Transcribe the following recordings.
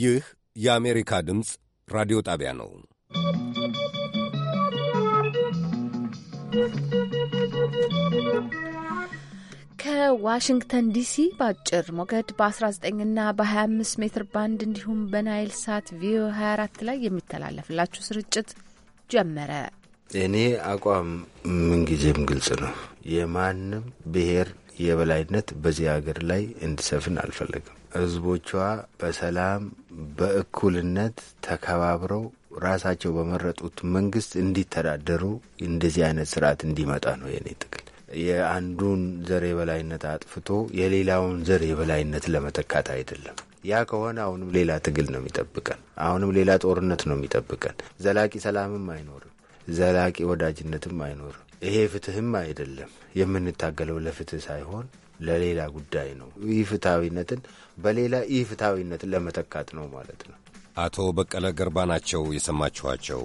ይህ የአሜሪካ ድምፅ ራዲዮ ጣቢያ ነው። ከዋሽንግተን ዲሲ በአጭር ሞገድ በ19 እና በ25 ሜትር ባንድ እንዲሁም በናይል ሳት ቪኦ 24 ላይ የሚተላለፍላችሁ ስርጭት ጀመረ። እኔ አቋም ምንጊዜም ግልጽ ነው። የማንም ብሔር የበላይነት በዚህ ሀገር ላይ እንዲሰፍን አልፈለግም። ህዝቦቿ በሰላም በእኩልነት ተከባብረው ራሳቸው በመረጡት መንግስት እንዲተዳደሩ እንደዚህ አይነት ስርዓት እንዲመጣ ነው የኔ ትግል። የአንዱን ዘር የበላይነት አጥፍቶ የሌላውን ዘር የበላይነት ለመተካት አይደለም። ያ ከሆነ አሁንም ሌላ ትግል ነው የሚጠብቀን፣ አሁንም ሌላ ጦርነት ነው የሚጠብቀን። ዘላቂ ሰላምም አይኖርም፣ ዘላቂ ወዳጅነትም አይኖርም። ይሄ ፍትህም አይደለም። የምንታገለው ለፍትህ ሳይሆን ለሌላ ጉዳይ ነው። ይህ ፍትሐዊነትን በሌላ ኢፍትሐዊነት ለመተካት ነው ማለት ነው። አቶ በቀለ ገርባ ናቸው የሰማችኋቸው።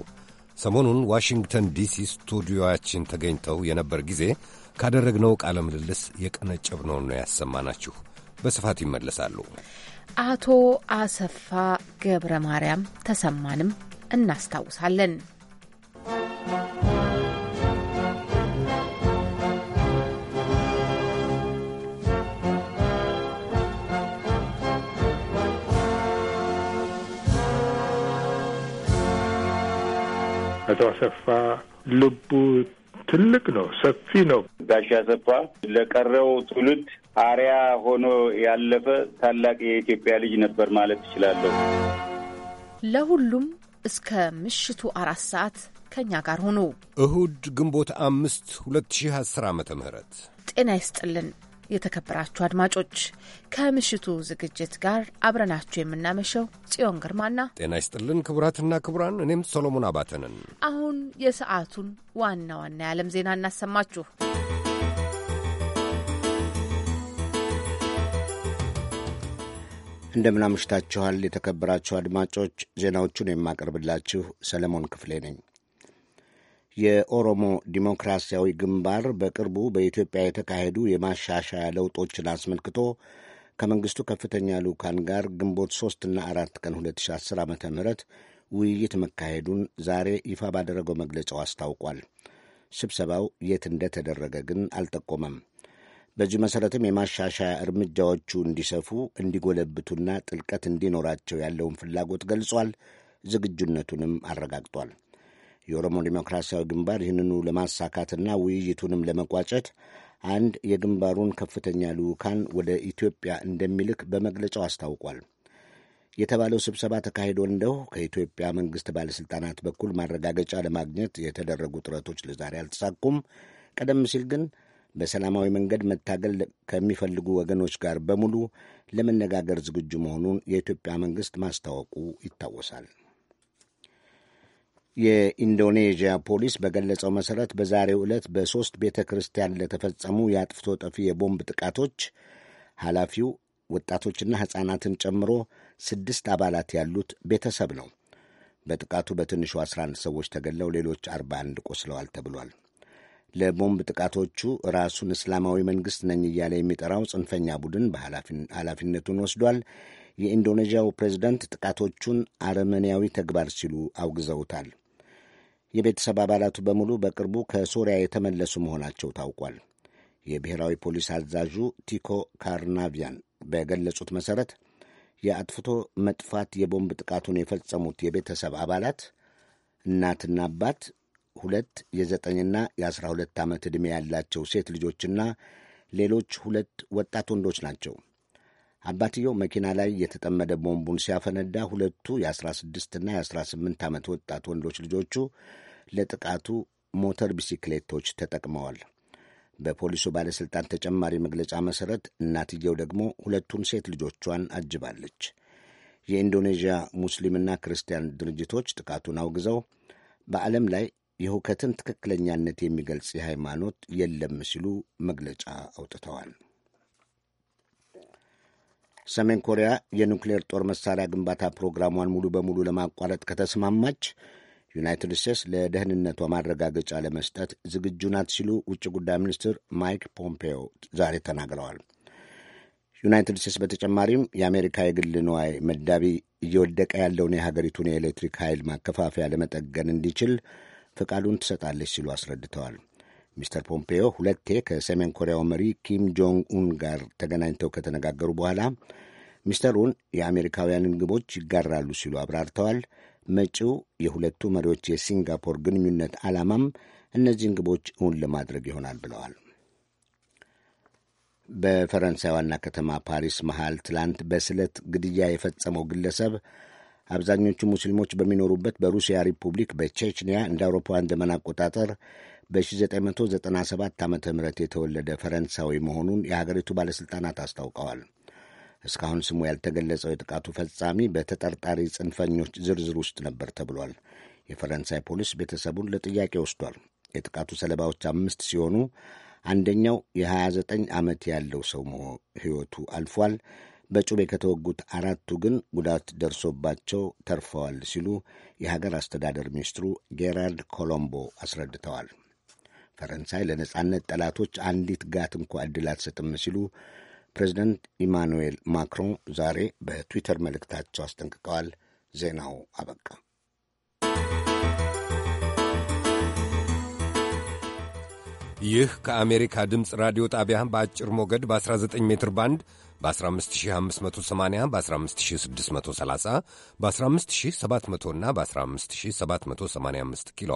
ሰሞኑን ዋሽንግተን ዲሲ ስቱዲዮችን ተገኝተው የነበር ጊዜ ካደረግነው ቃለ ምልልስ የቀነጨብነውን ነው ያሰማናችሁ። በስፋት ይመለሳሉ። አቶ አሰፋ ገብረ ማርያም ተሰማንም እናስታውሳለን። አቶ አሰፋ ልቡ ትልቅ ነው፣ ሰፊ ነው። ጋሽ አሰፋ ለቀረው ትውልድ አሪያ ሆኖ ያለፈ ታላቅ የኢትዮጵያ ልጅ ነበር ማለት ይችላለሁ። ለሁሉም እስከ ምሽቱ አራት ሰዓት ከእኛ ጋር ሆኖ እሁድ ግንቦት አምስት አስር ዓመተ ምህረት ጤና ይስጥልን። የተከበራችሁ አድማጮች ከምሽቱ ዝግጅት ጋር አብረናችሁ የምናመሸው ጽዮን ግርማና ጤና ይስጥልን ክቡራትና ክቡራን፣ እኔም ሶሎሞን አባተንን። አሁን የሰዓቱን ዋና ዋና የዓለም ዜና እናሰማችሁ። እንደምናምሽታችኋል የተከበራችሁ አድማጮች፣ ዜናዎቹን የማቀርብላችሁ ሰለሞን ክፍሌ ነኝ። የኦሮሞ ዲሞክራሲያዊ ግንባር በቅርቡ በኢትዮጵያ የተካሄዱ የማሻሻያ ለውጦችን አስመልክቶ ከመንግስቱ ከፍተኛ ልዑካን ጋር ግንቦት 3 አራት 4 ቀን 2010 ዓ ም ውይይት መካሄዱን ዛሬ ይፋ ባደረገው መግለጫው አስታውቋል። ስብሰባው የት እንደተደረገ ግን አልጠቆመም። በዚሁ መሠረትም የማሻሻያ እርምጃዎቹ እንዲሰፉ እንዲጎለብቱና ጥልቀት እንዲኖራቸው ያለውን ፍላጎት ገልጿል። ዝግጁነቱንም አረጋግጧል። የኦሮሞ ዴሞክራሲያዊ ግንባር ይህንኑ ለማሳካትና ውይይቱንም ለመቋጨት አንድ የግንባሩን ከፍተኛ ልዑካን ወደ ኢትዮጵያ እንደሚልክ በመግለጫው አስታውቋል። የተባለው ስብሰባ ተካሂዶ እንደው ከኢትዮጵያ መንግስት ባለሥልጣናት በኩል ማረጋገጫ ለማግኘት የተደረጉ ጥረቶች ለዛሬ አልተሳኩም። ቀደም ሲል ግን በሰላማዊ መንገድ መታገል ከሚፈልጉ ወገኖች ጋር በሙሉ ለመነጋገር ዝግጁ መሆኑን የኢትዮጵያ መንግስት ማስታወቁ ይታወሳል። የኢንዶኔዥያ ፖሊስ በገለጸው መሠረት በዛሬው ዕለት በሦስት ቤተ ክርስቲያን ለተፈጸሙ የአጥፍቶ ጠፊ የቦምብ ጥቃቶች ኃላፊው ወጣቶችና ሕፃናትን ጨምሮ ስድስት አባላት ያሉት ቤተሰብ ነው። በጥቃቱ በትንሹ 11 ሰዎች ተገለው ሌሎች 41 ቆስለዋል ተብሏል። ለቦምብ ጥቃቶቹ ራሱን እስላማዊ መንግሥት ነኝ እያለ የሚጠራው ጽንፈኛ ቡድን ኃላፊነቱን ወስዷል። የኢንዶኔዥያው ፕሬዝደንት ጥቃቶቹን አረመኔያዊ ተግባር ሲሉ አውግዘውታል። የቤተሰብ አባላቱ በሙሉ በቅርቡ ከሶሪያ የተመለሱ መሆናቸው ታውቋል። የብሔራዊ ፖሊስ አዛዡ ቲኮ ካርናቪያን በገለጹት መሠረት የአጥፍቶ መጥፋት የቦምብ ጥቃቱን የፈጸሙት የቤተሰብ አባላት እናትና አባት፣ ሁለት የዘጠኝና የአስራ ሁለት ዓመት ዕድሜ ያላቸው ሴት ልጆችና ሌሎች ሁለት ወጣት ወንዶች ናቸው። አባትየው መኪና ላይ የተጠመደ ቦምቡን ሲያፈነዳ ሁለቱ የ16ና የ18 ዓመት ወጣት ወንዶች ልጆቹ ለጥቃቱ ሞተር ቢሲክሌቶች ተጠቅመዋል። በፖሊሱ ባለሥልጣን ተጨማሪ መግለጫ መሠረት እናትየው ደግሞ ሁለቱን ሴት ልጆቿን አጅባለች። የኢንዶኔዥያ ሙስሊምና ክርስቲያን ድርጅቶች ጥቃቱን አውግዘው በዓለም ላይ የሁከትን ትክክለኛነት የሚገልጽ የሃይማኖት የለም ሲሉ መግለጫ አውጥተዋል። ሰሜን ኮሪያ የኑክሌር ጦር መሣሪያ ግንባታ ፕሮግራሟን ሙሉ በሙሉ ለማቋረጥ ከተስማማች ዩናይትድ ስቴትስ ለደህንነቷ ማረጋገጫ ለመስጠት ዝግጁ ናት ሲሉ ውጭ ጉዳይ ሚኒስትር ማይክ ፖምፔዮ ዛሬ ተናግረዋል። ዩናይትድ ስቴትስ በተጨማሪም የአሜሪካ የግል ንዋይ መዳቢ እየወደቀ ያለውን የሀገሪቱን የኤሌክትሪክ ኃይል ማከፋፈያ ለመጠገን እንዲችል ፈቃዱን ትሰጣለች ሲሉ አስረድተዋል። ሚስተር ፖምፔዮ ሁለቴ ከሰሜን ኮሪያው መሪ ኪም ጆንግ ኡን ጋር ተገናኝተው ከተነጋገሩ በኋላ ሚስተር ኡን የአሜሪካውያንን ግቦች ይጋራሉ ሲሉ አብራርተዋል። መጪው የሁለቱ መሪዎች የሲንጋፖር ግንኙነት ዓላማም እነዚህን ግቦች እውን ለማድረግ ይሆናል ብለዋል። በፈረንሳይ ዋና ከተማ ፓሪስ መሃል ትላንት በስለት ግድያ የፈጸመው ግለሰብ አብዛኞቹ ሙስሊሞች በሚኖሩበት በሩሲያ ሪፑብሊክ በቼችኒያ እንደ አውሮፓውያን ዘመን አቆጣጠር በ1997 ዓ ም የተወለደ ፈረንሳዊ መሆኑን የሀገሪቱ ባለሥልጣናት አስታውቀዋል። እስካሁን ስሙ ያልተገለጸው የጥቃቱ ፈጻሚ በተጠርጣሪ ጽንፈኞች ዝርዝር ውስጥ ነበር ተብሏል። የፈረንሳይ ፖሊስ ቤተሰቡን ለጥያቄ ወስዷል። የጥቃቱ ሰለባዎች አምስት ሲሆኑ አንደኛው የ29 ዓመት ያለው ሰው ሕይወቱ አልፏል። በጩቤ ከተወጉት አራቱ ግን ጉዳት ደርሶባቸው ተርፈዋል ሲሉ የሀገር አስተዳደር ሚኒስትሩ ጌራርድ ኮሎምቦ አስረድተዋል። ፈረንሳይ ለነጻነት ጠላቶች አንዲት ጋት እንኳ ዕድል አትሰጥም ሲሉ ፕሬዚደንት ኢማኑኤል ማክሮን ዛሬ በትዊተር መልእክታቸው አስጠንቅቀዋል። ዜናው አበቃ። ይህ ከአሜሪካ ድምፅ ራዲዮ ጣቢያ በአጭር ሞገድ በ19 ሜትር ባንድ በ15580 በ15630 በ15700 እና በ15785 ኪሎ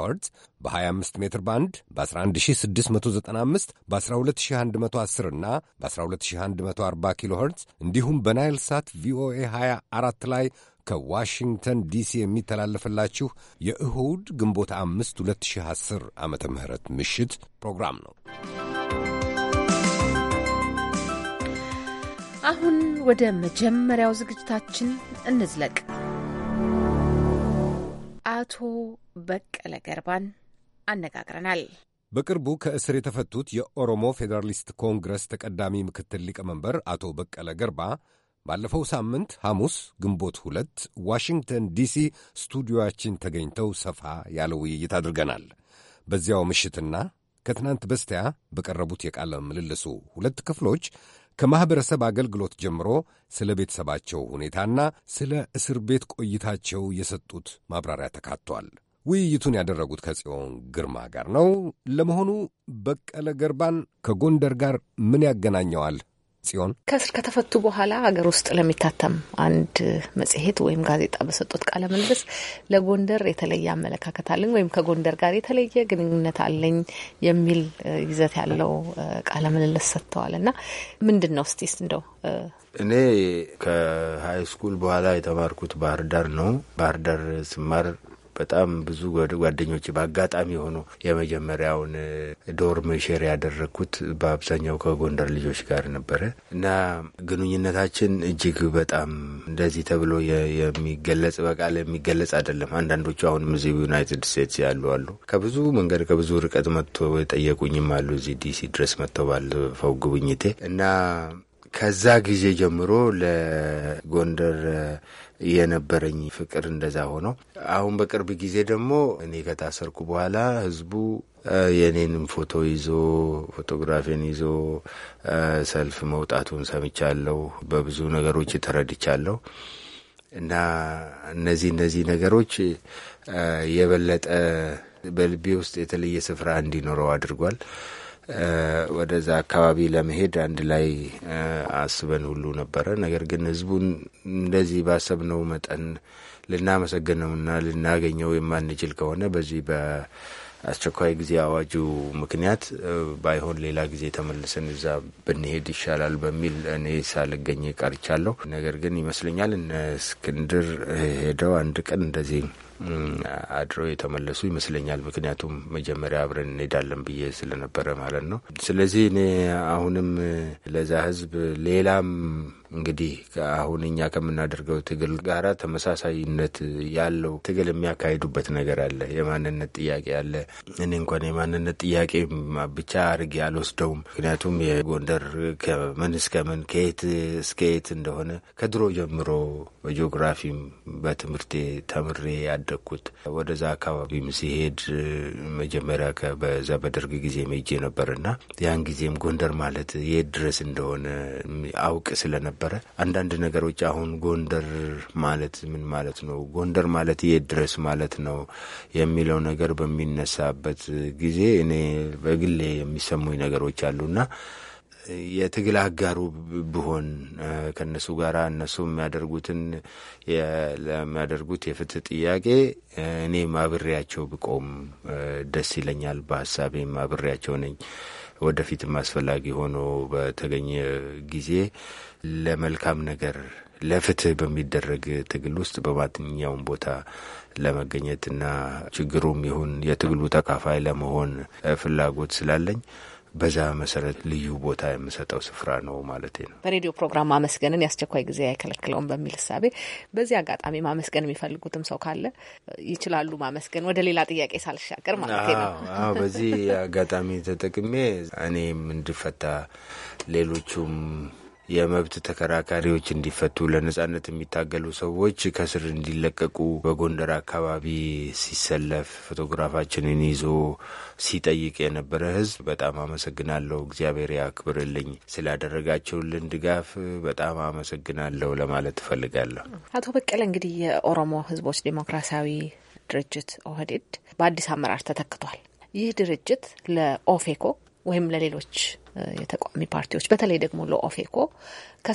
በ25 ሜትር ባንድ በ11695 በ12110 እና በ12140 ኪሎ ሄርትዝ እንዲሁም በናይል ሳት ቪኦኤ 24 ላይ ከዋሽንግተን ዲሲ የሚተላለፍላችሁ የእሁድ ግንቦት 5 2010 ዓ ምህረት ምሽት ፕሮግራም ነው። አሁን ወደ መጀመሪያው ዝግጅታችን እንዝለቅ። አቶ በቀለ ገርባን አነጋግረናል። በቅርቡ ከእስር የተፈቱት የኦሮሞ ፌዴራሊስት ኮንግረስ ተቀዳሚ ምክትል ሊቀመንበር አቶ በቀለ ገርባ ባለፈው ሳምንት ሐሙስ ግንቦት ሁለት ዋሽንግተን ዲሲ ስቱዲዮችን ተገኝተው ሰፋ ያለ ውይይት አድርገናል። በዚያው ምሽትና ከትናንት በስቲያ በቀረቡት የቃለ ምልልሱ ሁለት ክፍሎች ከማኅበረሰብ አገልግሎት ጀምሮ ስለ ቤተሰባቸው ሁኔታና ስለ እስር ቤት ቆይታቸው የሰጡት ማብራሪያ ተካቷል። ውይይቱን ያደረጉት ከጽዮን ግርማ ጋር ነው። ለመሆኑ በቀለ ገርባን ከጎንደር ጋር ምን ያገናኘዋል ጽዮን ከእስር ከተፈቱ በኋላ ሀገር ውስጥ ለሚታተም አንድ መጽሔት ወይም ጋዜጣ በሰጡት ቃለ ምልልስ ለጎንደር የተለየ አመለካከት አለኝ ወይም ከጎንደር ጋር የተለየ ግንኙነት አለኝ የሚል ይዘት ያለው ቃለ ምልልስ ሰጥተዋል እና ምንድን ነው ስቲስ እንደው እኔ ከሀይ ስኩል በኋላ የተማርኩት ባህር ዳር ነው። ባህር ዳር ስማር በጣም ብዙ ጓደኞች በአጋጣሚ የሆኑ የመጀመሪያውን ዶርም ሼር ያደረግኩት በአብዛኛው ከጎንደር ልጆች ጋር ነበረ እና ግንኙነታችን እጅግ በጣም እንደዚህ ተብሎ የሚገለጽ በቃል የሚገለጽ አይደለም። አንዳንዶቹ አሁንም እዚህ ዩናይትድ ስቴትስ ያሉ አሉ። ከብዙ መንገድ ከብዙ ርቀት መጥቶ የጠየቁኝም አሉ። እዚህ ዲሲ ድረስ መጥተው ባለፈው ጉብኝቴ እና ከዛ ጊዜ ጀምሮ ለጎንደር የነበረኝ ፍቅር እንደዛ ሆነው አሁን በቅርብ ጊዜ ደግሞ እኔ ከታሰርኩ በኋላ ህዝቡ የኔንም ፎቶ ይዞ ፎቶግራፊን ይዞ ሰልፍ መውጣቱን ሰምቻለሁ። በብዙ ነገሮች ተረድቻለሁ። እና እነዚህ እነዚህ ነገሮች የበለጠ በልቤ ውስጥ የተለየ ስፍራ እንዲኖረው አድርጓል። ወደዛ አካባቢ ለመሄድ አንድ ላይ አስበን ሁሉ ነበረ። ነገር ግን ህዝቡን እንደዚህ ባሰብነው መጠን ልናመሰግነውና ልናገኘው የማንችል ከሆነ በዚህ በአስቸኳይ ጊዜ አዋጁ ምክንያት ባይሆን ሌላ ጊዜ ተመልሰን እዛ ብንሄድ ይሻላል በሚል እኔ ሳልገኝ ቀርቻለሁ። ነገር ግን ይመስለኛል እነ እስክንድር ሄደው አንድ ቀን እንደዚህ አድረው የተመለሱ ይመስለኛል። ምክንያቱም መጀመሪያ አብረን እንሄዳለን ብዬ ስለነበረ ማለት ነው። ስለዚህ እኔ አሁንም ለዛ ህዝብ ሌላም እንግዲህ አሁን እኛ ከምናደርገው ትግል ጋራ ተመሳሳይነት ያለው ትግል የሚያካሂዱበት ነገር አለ። የማንነት ጥያቄ አለ። እኔ እንኳን የማንነት ጥያቄ ብቻ አድርጌ አልወስደውም። ምክንያቱም የጎንደር ከምን እስከምን ከየት እስከየት እንደሆነ ከድሮ ጀምሮ በጂኦግራፊም በትምህርቴ ተምሬ ያደግኩት ወደዛ አካባቢም ሲሄድ መጀመሪያ በዛ በደርግ ጊዜ መጄ ነበርና ያን ጊዜም ጎንደር ማለት የት ድረስ እንደሆነ አውቅ ስለነበር ነበረ። አንዳንድ ነገሮች አሁን ጎንደር ማለት ምን ማለት ነው፣ ጎንደር ማለት የት ድረስ ማለት ነው የሚለው ነገር በሚነሳበት ጊዜ እኔ በግሌ የሚሰሙኝ ነገሮች አሉና የትግል አጋሩ ብሆን ከእነሱ ጋር እነሱ የሚያደርጉትን ለሚያደርጉት የፍትህ ጥያቄ እኔ ማብሬያቸው ብቆም ደስ ይለኛል። በሀሳቤ ማብሬያቸው ነኝ። ወደፊትም አስፈላጊ ሆኖ በተገኘ ጊዜ ለመልካም ነገር ለፍትህ በሚደረግ ትግል ውስጥ በማንኛውም ቦታ ለመገኘትና ችግሩም ይሁን የትግሉ ተካፋይ ለመሆን ፍላጎት ስላለኝ በዛ መሰረት ልዩ ቦታ የምሰጠው ስፍራ ነው ማለት ነው። በሬዲዮ ፕሮግራም ማመስገንን የአስቸኳይ ጊዜ አይከለክለውም በሚል እሳቤ በዚህ አጋጣሚ ማመስገን የሚፈልጉትም ሰው ካለ ይችላሉ ማመስገን። ወደ ሌላ ጥያቄ ሳልሻገር ማለት ነው። በዚህ አጋጣሚ ተጠቅሜ እኔም እንድፈታ ሌሎቹም የመብት ተከራካሪዎች እንዲፈቱ፣ ለነጻነት የሚታገሉ ሰዎች ከስር እንዲለቀቁ በጎንደር አካባቢ ሲሰለፍ ፎቶግራፋችንን ይዞ ሲጠይቅ የነበረ ህዝብ በጣም አመሰግናለሁ። እግዚአብሔር ያክብርልኝ። ስላደረጋቸውልን ድጋፍ በጣም አመሰግናለሁ ለማለት እፈልጋለሁ። አቶ በቀለ እንግዲህ የኦሮሞ ህዝቦች ዴሞክራሲያዊ ድርጅት ኦህዴድ በአዲስ አመራር ተተክቷል። ይህ ድርጅት ለኦፌኮ ወይም ለሌሎች የተቃዋሚ ፓርቲዎች በተለይ ደግሞ ለኦፌኮ ከ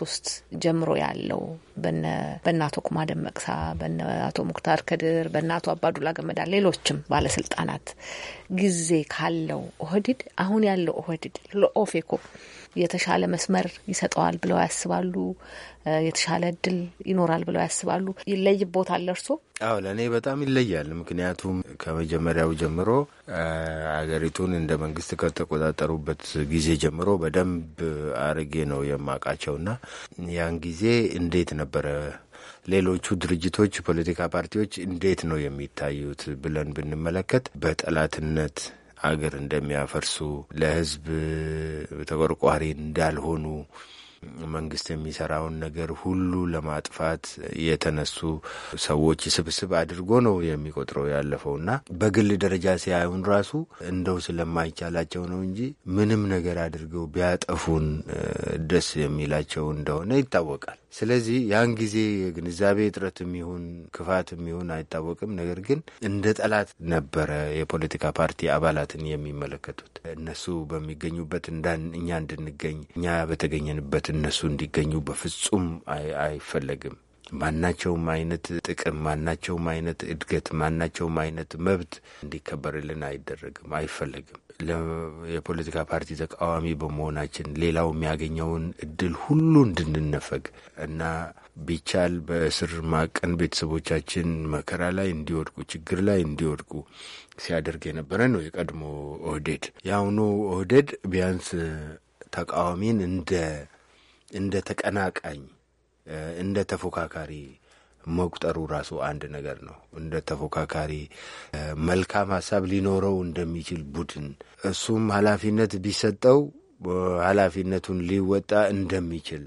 ሶስት ጀምሮ ያለው በነ አቶ ኩማ ደመቅሳ፣ በነ አቶ ሙክታር ከድር፣ በነ አቶ አባዱላ ገመዳ፣ ሌሎችም ባለስልጣናት ጊዜ ካለው ኦህዲድ አሁን ያለው ኦህዲድ ለኦፌኮ የተሻለ መስመር ይሰጠዋል ብለው ያስባሉ? የተሻለ እድል ይኖራል ብለው ያስባሉ? ይለይቦታል እርሶ? አዎ ለእኔ በጣም ይለያል። ምክንያቱም ከመጀመሪያው ጀምሮ አገሪቱን እንደ መንግስት ከተቆጣጠሩበት ጊዜ ጀምሮ በደንብ አርጌ ነው የማውቃቸውና ያን ጊዜ እንዴት ነበረ ሌሎቹ ድርጅቶች፣ ፖለቲካ ፓርቲዎች እንዴት ነው የሚታዩት ብለን ብንመለከት በጠላትነት አገር እንደሚያፈርሱ፣ ለህዝብ ተቆርቋሪ እንዳልሆኑ መንግስት የሚሰራውን ነገር ሁሉ ለማጥፋት የተነሱ ሰዎች ስብስብ አድርጎ ነው የሚቆጥረው ያለፈው እና በግል ደረጃ ሲያዩን ራሱ እንደው ስለማይቻላቸው ነው እንጂ ምንም ነገር አድርገው ቢያጠፉን ደስ የሚላቸው እንደሆነ ይታወቃል። ስለዚህ ያን ጊዜ የግንዛቤ እጥረት የሚሆን ክፋት የሚሆን አይታወቅም። ነገር ግን እንደ ጠላት ነበረ የፖለቲካ ፓርቲ አባላትን የሚመለከቱት እነሱ በሚገኙበት እኛ እንድንገኝ እኛ በተገኘንበት እነሱ እንዲገኙ በፍጹም አይፈለግም። ማናቸውም አይነት ጥቅም፣ ማናቸውም አይነት እድገት፣ ማናቸውም አይነት መብት እንዲከበርልን አይደረግም፣ አይፈለግም። የፖለቲካ ፓርቲ ተቃዋሚ በመሆናችን ሌላው የሚያገኘውን እድል ሁሉ እንድንነፈግ እና ቢቻል በእስር ማቀን ቤተሰቦቻችን መከራ ላይ እንዲወድቁ ችግር ላይ እንዲወድቁ ሲያደርግ የነበረ ነው የቀድሞ ኦህዴድ። የአሁኑ ኦህዴድ ቢያንስ ተቃዋሚን እንደ እንደ ተቀናቃኝ እንደ ተፎካካሪ መቁጠሩ ራሱ አንድ ነገር ነው። እንደ ተፎካካሪ መልካም ሀሳብ ሊኖረው እንደሚችል ቡድን እሱም ኃላፊነት ቢሰጠው ኃላፊነቱን ሊወጣ እንደሚችል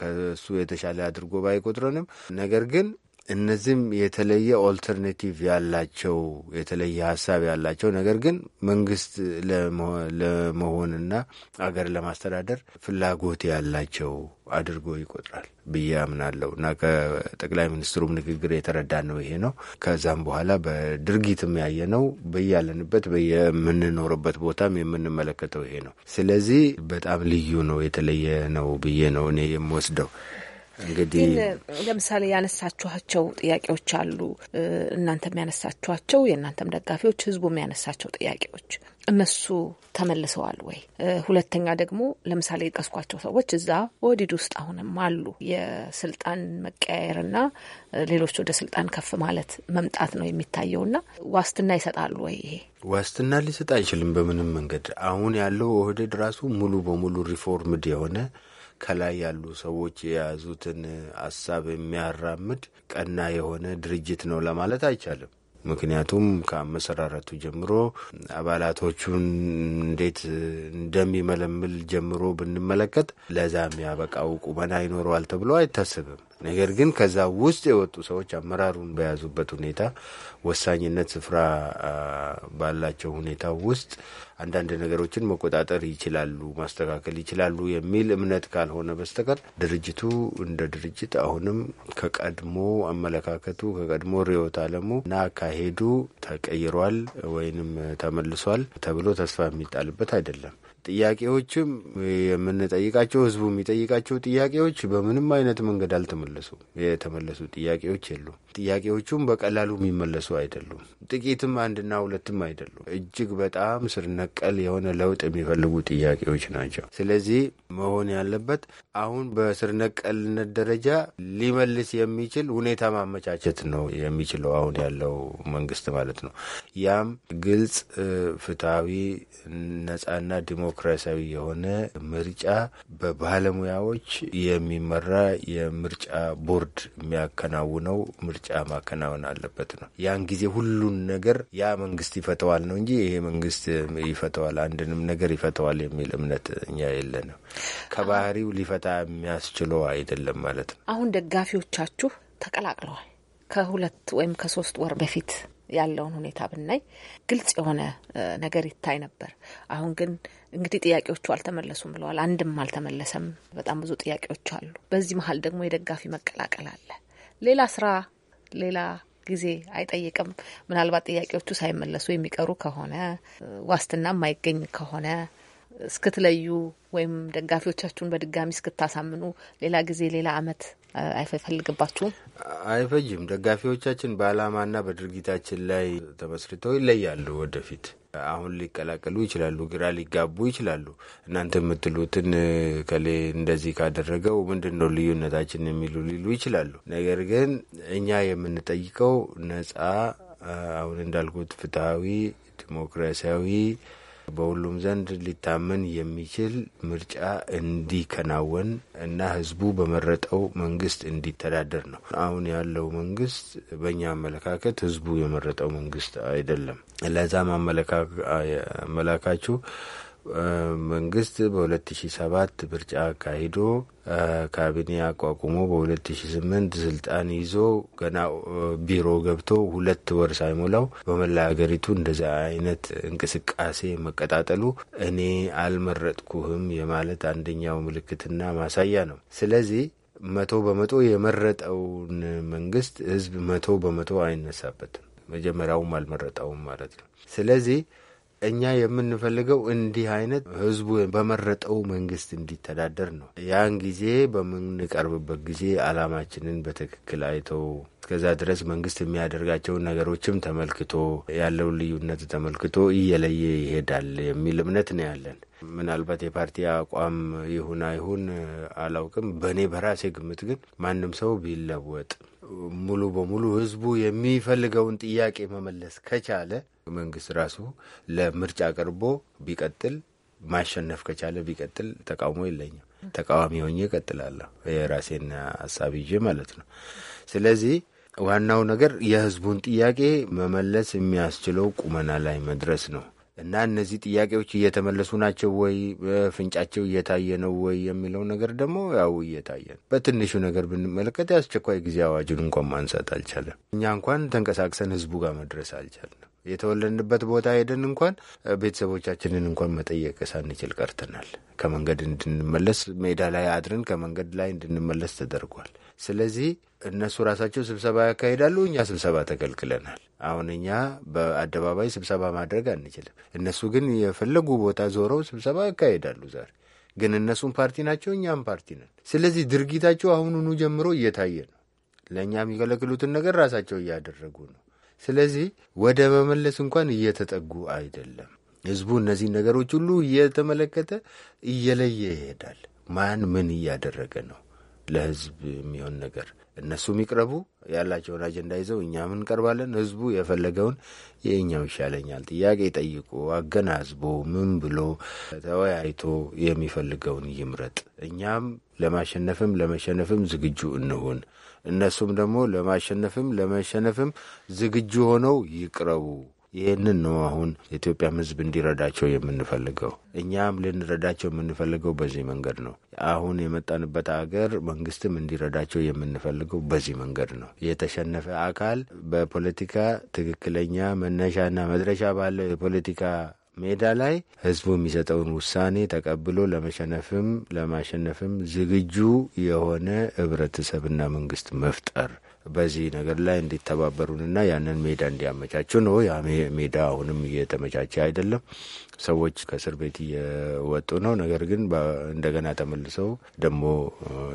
ከእሱ የተሻለ አድርጎ ባይቆጥረንም ነገር ግን እነዚህም የተለየ ኦልተርኔቲቭ ያላቸው የተለየ ሀሳብ ያላቸው ነገር ግን መንግስት ለመሆንና አገር ለማስተዳደር ፍላጎት ያላቸው አድርጎ ይቆጥራል ብዬ አምናለሁ እና ከጠቅላይ ሚኒስትሩም ንግግር የተረዳ ነው ይሄ ነው። ከዛም በኋላ በድርጊትም ያየ ነው። በያለንበት በየምንኖርበት ቦታም የምንመለከተው ይሄ ነው። ስለዚህ በጣም ልዩ ነው፣ የተለየ ነው ብዬ ነው እኔ የምወስደው። እንግዲህ ለምሳሌ ያነሳችኋቸው ጥያቄዎች አሉ። እናንተም ያነሳችኋቸው የእናንተም ደጋፊዎች ህዝቡም ያነሳቸው ጥያቄዎች እነሱ ተመልሰዋል ወይ? ሁለተኛ ደግሞ ለምሳሌ የቀስኳቸው ሰዎች እዛ ወዲድ ውስጥ አሁንም አሉ። የስልጣን መቀያየርና ሌሎች ወደ ስልጣን ከፍ ማለት መምጣት ነው የሚታየውና ዋስትና ይሰጣሉ ወይ? ይሄ ዋስትና ሊሰጥ አይችልም በምንም መንገድ። አሁን ያለው ኦህዴድ ራሱ ሙሉ በሙሉ ሪፎርምድ የሆነ ከላይ ያሉ ሰዎች የያዙትን ሀሳብ የሚያራምድ ቀና የሆነ ድርጅት ነው ለማለት አይቻልም። ምክንያቱም ከመሰራረቱ ጀምሮ አባላቶቹን እንዴት እንደሚመለምል ጀምሮ ብንመለከት ለዛ የሚያበቃው ቁመና ይኖረዋል ተብሎ አይታሰብም። ነገር ግን ከዛ ውስጥ የወጡ ሰዎች አመራሩን በያዙበት ሁኔታ ወሳኝነት ስፍራ ባላቸው ሁኔታ ውስጥ አንዳንድ ነገሮችን መቆጣጠር ይችላሉ፣ ማስተካከል ይችላሉ የሚል እምነት ካልሆነ በስተቀር ድርጅቱ እንደ ድርጅት አሁንም ከቀድሞ አመለካከቱ ከቀድሞ ርዕዮተ ዓለሙ እና አካሄዱ ተቀይሯል ወይንም ተመልሷል ተብሎ ተስፋ የሚጣልበት አይደለም። ጥያቄዎችም የምንጠይቃቸው ህዝቡ የሚጠይቃቸው ጥያቄዎች በምንም አይነት መንገድ አልተመለሱ የተመለሱ ጥያቄዎች የሉም። ጥያቄዎቹም በቀላሉ የሚመለሱ አይደሉም። ጥቂትም አንድና ሁለትም አይደሉም። እጅግ በጣም ስር ነቀል የሆነ ለውጥ የሚፈልጉ ጥያቄዎች ናቸው። ስለዚህ መሆን ያለበት አሁን በስር ነቀልነት ደረጃ ሊመልስ የሚችል ሁኔታ ማመቻቸት ነው የሚችለው አሁን ያለው መንግስት ማለት ነው። ያም ግልጽ፣ ፍትሐዊ፣ ነጻና ዲሞ ዲሞክራሲያዊ የሆነ ምርጫ በባለሙያዎች የሚመራ የምርጫ ቦርድ የሚያከናውነው ምርጫ ማከናወን አለበት ነው። ያን ጊዜ ሁሉን ነገር ያ መንግስት ይፈተዋል ነው እንጂ ይሄ መንግስት ይፈተዋል አንድንም ነገር ይፈተዋል የሚል እምነት እኛ የለንም። ከባህሪው ሊፈታ የሚያስችለው አይደለም ማለት ነው። አሁን ደጋፊዎቻችሁ ተቀላቅለዋል። ከሁለት ወይም ከሶስት ወር በፊት ያለውን ሁኔታ ብናይ ግልጽ የሆነ ነገር ይታይ ነበር። አሁን ግን እንግዲህ ጥያቄዎቹ አልተመለሱም ብለዋል። አንድም አልተመለሰም። በጣም ብዙ ጥያቄዎች አሉ። በዚህ መሀል ደግሞ የደጋፊ መቀላቀል አለ። ሌላ ስራ ሌላ ጊዜ አይጠይቅም። ምናልባት ጥያቄዎቹ ሳይመለሱ የሚቀሩ ከሆነ ዋስትና የማይገኝ ከሆነ እስክትለዩ ወይም ደጋፊዎቻችሁን በድጋሚ እስክታሳምኑ ሌላ ጊዜ ሌላ አመት አይፈልግባችሁም? አይፈጅም። ደጋፊዎቻችን በአላማና በድርጊታችን ላይ ተመስርተው ይለያሉ። ወደፊት አሁን ሊቀላቀሉ ይችላሉ፣ ግራ ሊጋቡ ይችላሉ። እናንተ የምትሉትን ከሌ እንደዚህ ካደረገው ምንድን ነው ልዩነታችን የሚሉ ሊሉ ይችላሉ። ነገር ግን እኛ የምንጠይቀው ነጻ አሁን እንዳልኩት ፍትሐዊ ዲሞክራሲያዊ በሁሉም ዘንድ ሊታመን የሚችል ምርጫ እንዲከናወን እና ህዝቡ በመረጠው መንግስት እንዲተዳደር ነው። አሁን ያለው መንግስት በእኛ አመለካከት ህዝቡ የመረጠው መንግስት አይደለም። ለዛም አመለካካችሁ መንግስት በ2007 ምርጫ አካሂዶ ካቢኔ አቋቁሞ በ2008 ስልጣን ይዞ ገና ቢሮ ገብቶ ሁለት ወር ሳይሞላው በመላ ሀገሪቱ እንደዚ አይነት እንቅስቃሴ መቀጣጠሉ እኔ አልመረጥኩህም የማለት አንደኛው ምልክትና ማሳያ ነው። ስለዚህ መቶ በመቶ የመረጠውን መንግስት ህዝብ መቶ በመቶ አይነሳበትም። መጀመሪያውም አልመረጠውም ማለት ነው። ስለዚህ እኛ የምንፈልገው እንዲህ አይነት ህዝቡ በመረጠው መንግስት እንዲተዳደር ነው። ያን ጊዜ በምንቀርብበት ጊዜ አላማችንን በትክክል አይተው እስከዛ ድረስ መንግስት የሚያደርጋቸውን ነገሮችም ተመልክቶ ያለውን ልዩነት ተመልክቶ እየለየ ይሄዳል የሚል እምነት ነው ያለን። ምናልባት የፓርቲ አቋም ይሁን አይሁን አላውቅም። በእኔ በራሴ ግምት ግን ማንም ሰው ቢለወጥ ሙሉ በሙሉ ህዝቡ የሚፈልገውን ጥያቄ መመለስ ከቻለ መንግስት ራሱ ለምርጫ ቀርቦ ቢቀጥል ማሸነፍ ከቻለ ቢቀጥል ተቃውሞ የለኝም። ተቃዋሚ ሆኜ እቀጥላለሁ የራሴን ሀሳብ ይዤ ማለት ነው። ስለዚህ ዋናው ነገር የህዝቡን ጥያቄ መመለስ የሚያስችለው ቁመና ላይ መድረስ ነው። እና እነዚህ ጥያቄዎች እየተመለሱ ናቸው ወይ ፍንጫቸው እየታየ ነው ወይ የሚለው ነገር ደግሞ ያው እየታየ ነው። በትንሹ ነገር ብንመለከት የአስቸኳይ ጊዜ አዋጁን እንኳን ማንሳት አልቻለም። እኛ እንኳን ተንቀሳቅሰን ህዝቡ ጋር መድረስ አልቻለም። የተወለድንበት ቦታ ሄደን እንኳን ቤተሰቦቻችንን እንኳን መጠየቅ ሳንችል ቀርተናል። ከመንገድ እንድንመለስ ሜዳ ላይ አድረን ከመንገድ ላይ እንድንመለስ ተደርጓል። ስለዚህ እነሱ ራሳቸው ስብሰባ ያካሂዳሉ፣ እኛ ስብሰባ ተከልክለናል። አሁን እኛ በአደባባይ ስብሰባ ማድረግ አንችልም። እነሱ ግን የፈለጉ ቦታ ዞረው ስብሰባ ያካሄዳሉ። ዛሬ ግን እነሱም ፓርቲ ናቸው፣ እኛም ፓርቲ ነን። ስለዚህ ድርጊታቸው አሁኑኑ ጀምሮ እየታየ ነው። ለእኛ የሚከለክሉትን ነገር ራሳቸው እያደረጉ ነው። ስለዚህ ወደ መመለስ እንኳን እየተጠጉ አይደለም። ህዝቡ እነዚህ ነገሮች ሁሉ እየተመለከተ እየለየ ይሄዳል። ማን ምን እያደረገ ነው ለህዝብ የሚሆን ነገር እነሱም ይቅረቡ ያላቸውን አጀንዳ ይዘው እኛም እንቀርባለን። ህዝቡ የፈለገውን የእኛው ይሻለኛል ጥያቄ ጠይቆ አገናዝቦ ምን ብሎ ተወያይቶ የሚፈልገውን ይምረጥ። እኛም ለማሸነፍም ለመሸነፍም ዝግጁ እንሁን። እነሱም ደግሞ ለማሸነፍም ለመሸነፍም ዝግጁ ሆነው ይቅረቡ። ይህንን ነው አሁን የኢትዮጵያም ህዝብ እንዲረዳቸው የምንፈልገው። እኛም ልንረዳቸው የምንፈልገው በዚህ መንገድ ነው። አሁን የመጣንበት አገር መንግስትም እንዲረዳቸው የምንፈልገው በዚህ መንገድ ነው። የተሸነፈ አካል በፖለቲካ ትክክለኛ መነሻና መድረሻ ባለው የፖለቲካ ሜዳ ላይ ህዝቡ የሚሰጠውን ውሳኔ ተቀብሎ ለመሸነፍም ለማሸነፍም ዝግጁ የሆነ ህብረተሰብና መንግስት መፍጠር በዚህ ነገር ላይ እንዲተባበሩንና ያንን ሜዳ እንዲያመቻቹ ነው። ያ ሜዳ አሁንም እየተመቻቸ አይደለም። ሰዎች ከእስር ቤት እየወጡ ነው። ነገር ግን እንደገና ተመልሰው ደግሞ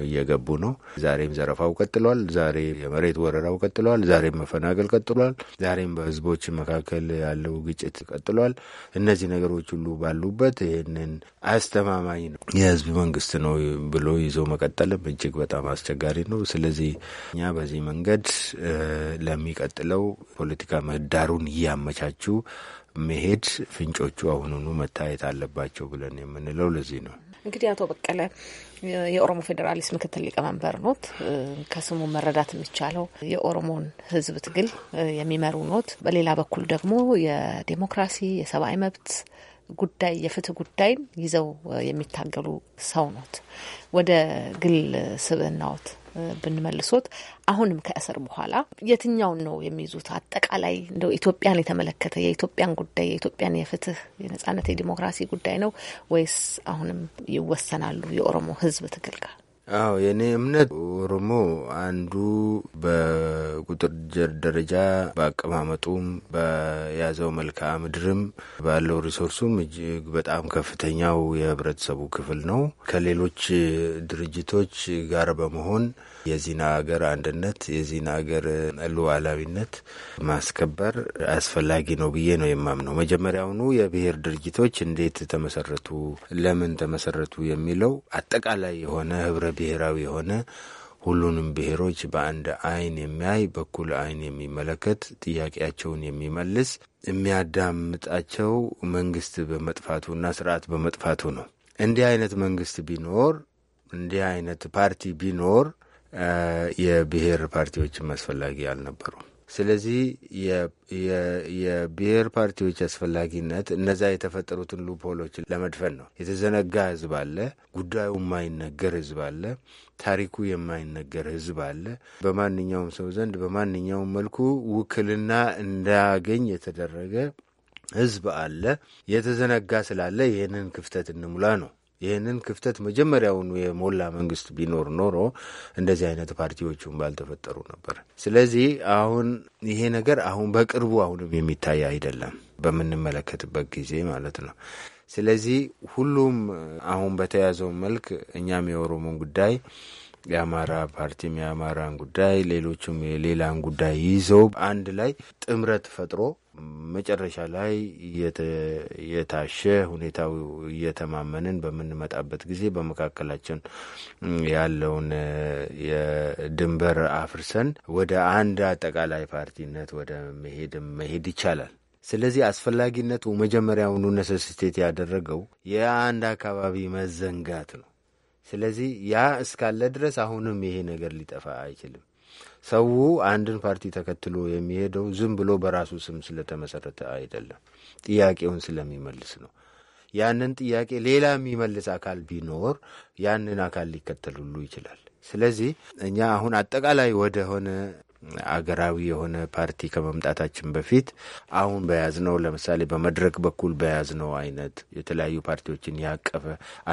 እየገቡ ነው። ዛሬም ዘረፋው ቀጥሏል። ዛሬ የመሬት ወረራው ቀጥሏል። ዛሬም መፈናቀል ቀጥሏል። ዛሬም በህዝቦች መካከል ያለው ግጭት ቀጥሏል። እነዚህ ነገሮች ሁሉ ባሉበት ይህንን አስተማማኝ ነው የህዝብ መንግስት ነው ብሎ ይዞ መቀጠልም እጅግ በጣም አስቸጋሪ ነው። ስለዚህ እኛ በዚህ መንገድ ለሚቀጥለው ፖለቲካ ምህዳሩን እያመቻቹ መሄድ ፍንጮቹ አሁኑኑ መታየት አለባቸው ብለን የምንለው ለዚህ ነው። እንግዲህ አቶ በቀለ የኦሮሞ ፌዴራሊስት ምክትል ሊቀመንበር ኖት። ከስሙ መረዳት የሚቻለው የኦሮሞን ሕዝብ ትግል የሚመሩ ኖት። በሌላ በኩል ደግሞ የዴሞክራሲ የሰብአዊ መብት ጉዳይ የፍትህ ጉዳይን ይዘው የሚታገሉ ሰው ኖት። ወደ ግል ስብዕናዎት ብንመልሶት አሁንም ከእስር በኋላ የትኛውን ነው የሚይዙት? አጠቃላይ እንደው ኢትዮጵያን የተመለከተ የኢትዮጵያን ጉዳይ የኢትዮጵያን የፍትህ የነጻነት የዲሞክራሲ ጉዳይ ነው ወይስ አሁንም ይወሰናሉ የኦሮሞ ህዝብ ትግል ጋር? አዎ የእኔ እምነት ኦሮሞ አንዱ በቁጥር ደረጃ በአቀማመጡም በያዘው መልክዓ ምድርም ባለው ሪሶርሱም እጅግ በጣም ከፍተኛው የህብረተሰቡ ክፍል ነው። ከሌሎች ድርጅቶች ጋር በመሆን የዚህን ሀገር አንድነት የዚህን ሀገር ሉዓላዊነት ማስከበር አስፈላጊ ነው ብዬ ነው የማምነው። መጀመሪያውኑ የብሔር ድርጅቶች እንዴት ተመሰረቱ፣ ለምን ተመሰረቱ የሚለው አጠቃላይ የሆነ ህብረ ብሔራዊ የሆነ ሁሉንም ብሔሮች በአንድ አይን የሚያይ በኩል አይን የሚመለከት ጥያቄያቸውን የሚመልስ የሚያዳምጣቸው መንግስት በመጥፋቱና ስርዓት በመጥፋቱ ነው። እንዲህ አይነት መንግስት ቢኖር እንዲህ አይነት ፓርቲ ቢኖር የብሔር ፓርቲዎችም አስፈላጊ አልነበሩም። ስለዚህ የብሔር ፓርቲዎች አስፈላጊነት እነዛ የተፈጠሩትን ሉፖሎች ለመድፈን ነው። የተዘነጋ ህዝብ አለ፣ ጉዳዩ የማይነገር ህዝብ አለ፣ ታሪኩ የማይነገር ህዝብ አለ። በማንኛውም ሰው ዘንድ በማንኛውም መልኩ ውክልና እንዳያገኝ የተደረገ ህዝብ አለ። የተዘነጋ ስላለ ይህንን ክፍተት እንሙላ ነው ይህንን ክፍተት መጀመሪያውኑ የሞላ መንግስት ቢኖር ኖሮ እንደዚህ አይነት ፓርቲዎቹን ባልተፈጠሩ ነበር። ስለዚህ አሁን ይሄ ነገር አሁን በቅርቡ አሁንም የሚታይ አይደለም፣ በምንመለከትበት ጊዜ ማለት ነው። ስለዚህ ሁሉም አሁን በተያዘው መልክ እኛም የኦሮሞን ጉዳይ የአማራ ፓርቲም የአማራን ጉዳይ ሌሎችም የሌላን ጉዳይ ይዘው አንድ ላይ ጥምረት ፈጥሮ መጨረሻ ላይ የታሸ ሁኔታው እየተማመንን በምንመጣበት ጊዜ በመካከላችን ያለውን የድንበር አፍርሰን ወደ አንድ አጠቃላይ ፓርቲነት ወደ መሄድ መሄድ ይቻላል። ስለዚህ አስፈላጊነቱ መጀመሪያውኑ ነሰስቴት ያደረገው የአንድ አካባቢ መዘንጋት ነው። ስለዚህ ያ እስካለ ድረስ አሁንም ይሄ ነገር ሊጠፋ አይችልም። ሰው አንድን ፓርቲ ተከትሎ የሚሄደው ዝም ብሎ በራሱ ስም ስለተመሰረተ አይደለም፣ ጥያቄውን ስለሚመልስ ነው። ያንን ጥያቄ ሌላ የሚመልስ አካል ቢኖር ያንን አካል ሊከተል ሁሉ ይችላል። ስለዚህ እኛ አሁን አጠቃላይ ወደ ሆነ አገራዊ የሆነ ፓርቲ ከመምጣታችን በፊት አሁን በያዝነው ለምሳሌ በመድረክ በኩል በያዝነው አይነት የተለያዩ ፓርቲዎችን ያቀፈ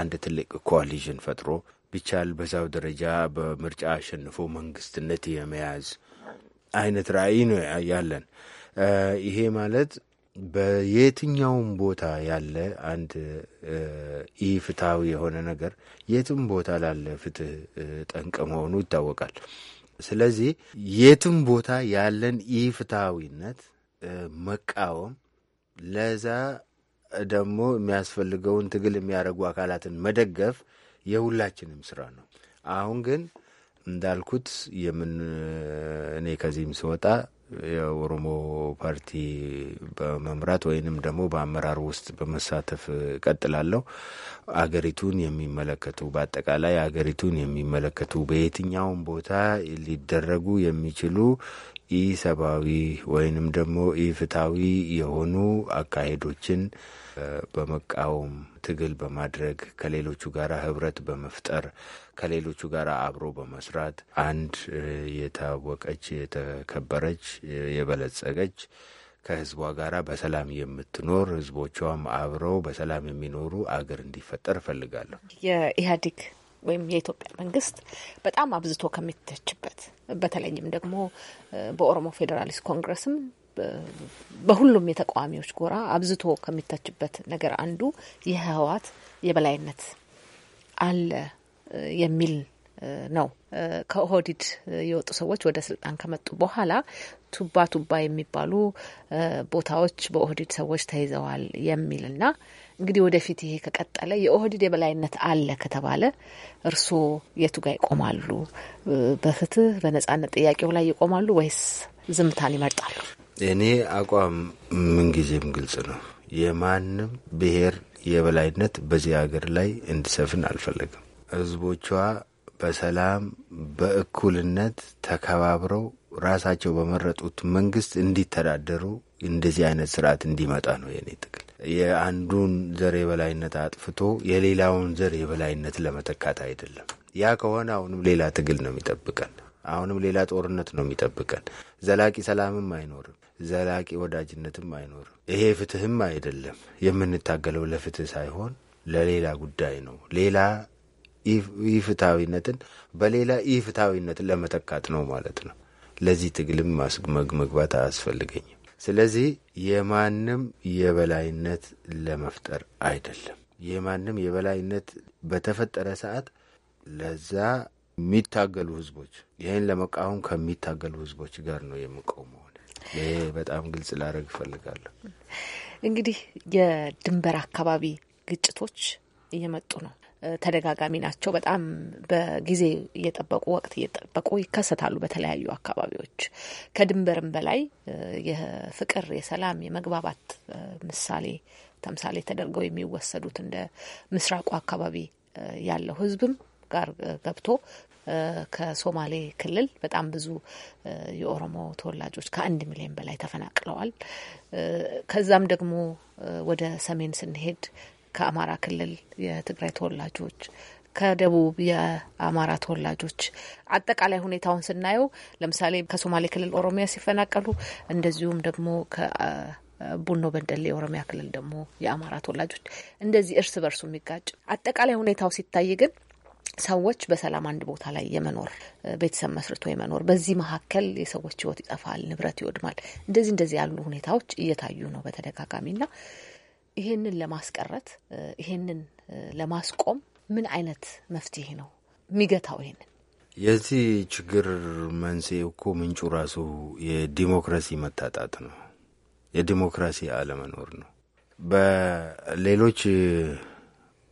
አንድ ትልቅ ኮሊዥን ፈጥሮ ቢቻል በዛው ደረጃ በምርጫ አሸንፎ መንግስትነት የመያዝ አይነት ራዕይ ነው ያለን። ይሄ ማለት በየትኛውም ቦታ ያለ አንድ ኢ የሆነ ነገር የትም ቦታ ላለ ፍትህ ጠንቅ መሆኑ ይታወቃል። ስለዚህ የትም ቦታ ያለን ኢ ፍትሐዊነት መቃወም ለዛ ደግሞ የሚያስፈልገውን ትግል የሚያደርጉ አካላትን መደገፍ የሁላችንም ስራ ነው። አሁን ግን እንዳልኩት የምን እኔ ከዚህም ስወጣ የኦሮሞ ፓርቲ በመምራት ወይንም ደግሞ በአመራር ውስጥ በመሳተፍ ቀጥላለሁ። አገሪቱን የሚመለከቱ በአጠቃላይ አገሪቱን የሚመለከቱ በየትኛውም ቦታ ሊደረጉ የሚችሉ ኢሰብአዊ ወይንም ደግሞ ኢፍትሐዊ የሆኑ አካሄዶችን በመቃወም ትግል በማድረግ ከሌሎቹ ጋር ህብረት በመፍጠር ከሌሎቹ ጋር አብሮ በመስራት አንድ የታወቀች የተከበረች የበለጸገች ከህዝቧ ጋር በሰላም የምትኖር ህዝቦቿም አብረው በሰላም የሚኖሩ አገር እንዲፈጠር እፈልጋለሁ። የኢህአዴግ ወይም የኢትዮጵያ መንግስት በጣም አብዝቶ ከሚተችበት በተለይም ደግሞ በኦሮሞ ፌዴራሊስት ኮንግረስም በሁሉም የተቃዋሚዎች ጎራ አብዝቶ ከሚታችበት ነገር አንዱ የህወሓት የበላይነት አለ የሚል ነው። ከኦህዴድ የወጡ ሰዎች ወደ ስልጣን ከመጡ በኋላ ቱባ ቱባ የሚባሉ ቦታዎች በኦህዴድ ሰዎች ተይዘዋል የሚልና እንግዲህ ወደፊት ይሄ ከቀጠለ የኦህዴድ የበላይነት አለ ከተባለ እርስዎ የቱ ጋር ይቆማሉ? በፍትህ በነጻነት ጥያቄው ላይ ይቆማሉ ወይስ ዝምታን ይመርጣሉ? እኔ አቋም ምንጊዜም ግልጽ ነው። የማንም ብሔር የበላይነት በዚህ ሀገር ላይ እንዲሰፍን አልፈለግም። ህዝቦቿ በሰላም በእኩልነት ተከባብረው ራሳቸው በመረጡት መንግስት እንዲተዳደሩ እንደዚህ አይነት ስርዓት እንዲመጣ ነው የኔ ትግል። የአንዱን ዘር የበላይነት አጥፍቶ የሌላውን ዘር የበላይነት ለመተካት አይደለም። ያ ከሆነ አሁንም ሌላ ትግል ነው የሚጠብቀን፣ አሁንም ሌላ ጦርነት ነው የሚጠብቀን። ዘላቂ ሰላምም አይኖርም። ዘላቂ ወዳጅነትም አይኖርም። ይሄ ፍትህም አይደለም። የምንታገለው ለፍትህ ሳይሆን ለሌላ ጉዳይ ነው። ሌላ ኢፍትሐዊነትን በሌላ ኢፍትሐዊነትን ለመተካት ነው ማለት ነው። ለዚህ ትግልም ማስግመግ መግባት አያስፈልገኝም። ስለዚህ የማንም የበላይነት ለመፍጠር አይደለም። የማንም የበላይነት በተፈጠረ ሰዓት ለዛ የሚታገሉ ህዝቦች ይህን ለመቃወም ከሚታገሉ ህዝቦች ጋር ነው የምቆመው። ይሄ በጣም ግልጽ ላደርግ እፈልጋለሁ። እንግዲህ የድንበር አካባቢ ግጭቶች እየመጡ ነው። ተደጋጋሚ ናቸው። በጣም በጊዜ እየጠበቁ ወቅት እየጠበቁ ይከሰታሉ በተለያዩ አካባቢዎች። ከድንበርም በላይ የፍቅር፣ የሰላም፣ የመግባባት ምሳሌ ተምሳሌ ተደርገው የሚወሰዱት እንደ ምስራቁ አካባቢ ያለው ህዝብም ጋር ገብቶ ከሶማሌ ክልል በጣም ብዙ የኦሮሞ ተወላጆች ከአንድ ሚሊዮን በላይ ተፈናቅለዋል። ከዛም ደግሞ ወደ ሰሜን ስንሄድ ከአማራ ክልል የትግራይ ተወላጆች ከደቡብ የአማራ ተወላጆች አጠቃላይ ሁኔታውን ስናየው ለምሳሌ ከሶማሌ ክልል ኦሮሚያ ሲፈናቀሉ፣ እንደዚሁም ደግሞ ከቡኖ በንደሌ የኦሮሚያ ክልል ደግሞ የአማራ ተወላጆች እንደዚህ እርስ በርሱ የሚጋጭ አጠቃላይ ሁኔታው ሲታይ ግን ሰዎች በሰላም አንድ ቦታ ላይ የመኖር ቤተሰብ መስርቶ የመኖር በዚህ መካከል የሰዎች ህይወት ይጠፋል፣ ንብረት ይወድማል። እንደዚህ እንደዚህ ያሉ ሁኔታዎች እየታዩ ነው በተደጋጋሚ እና ይሄንን ለማስቀረት ይሄንን ለማስቆም ምን አይነት መፍትሄ ነው የሚገታው? ይሄንን የዚህ ችግር መንስኤ እኮ ምንጩ ራሱ የዲሞክራሲ መታጣት ነው፣ የዲሞክራሲ አለመኖር ነው። በሌሎች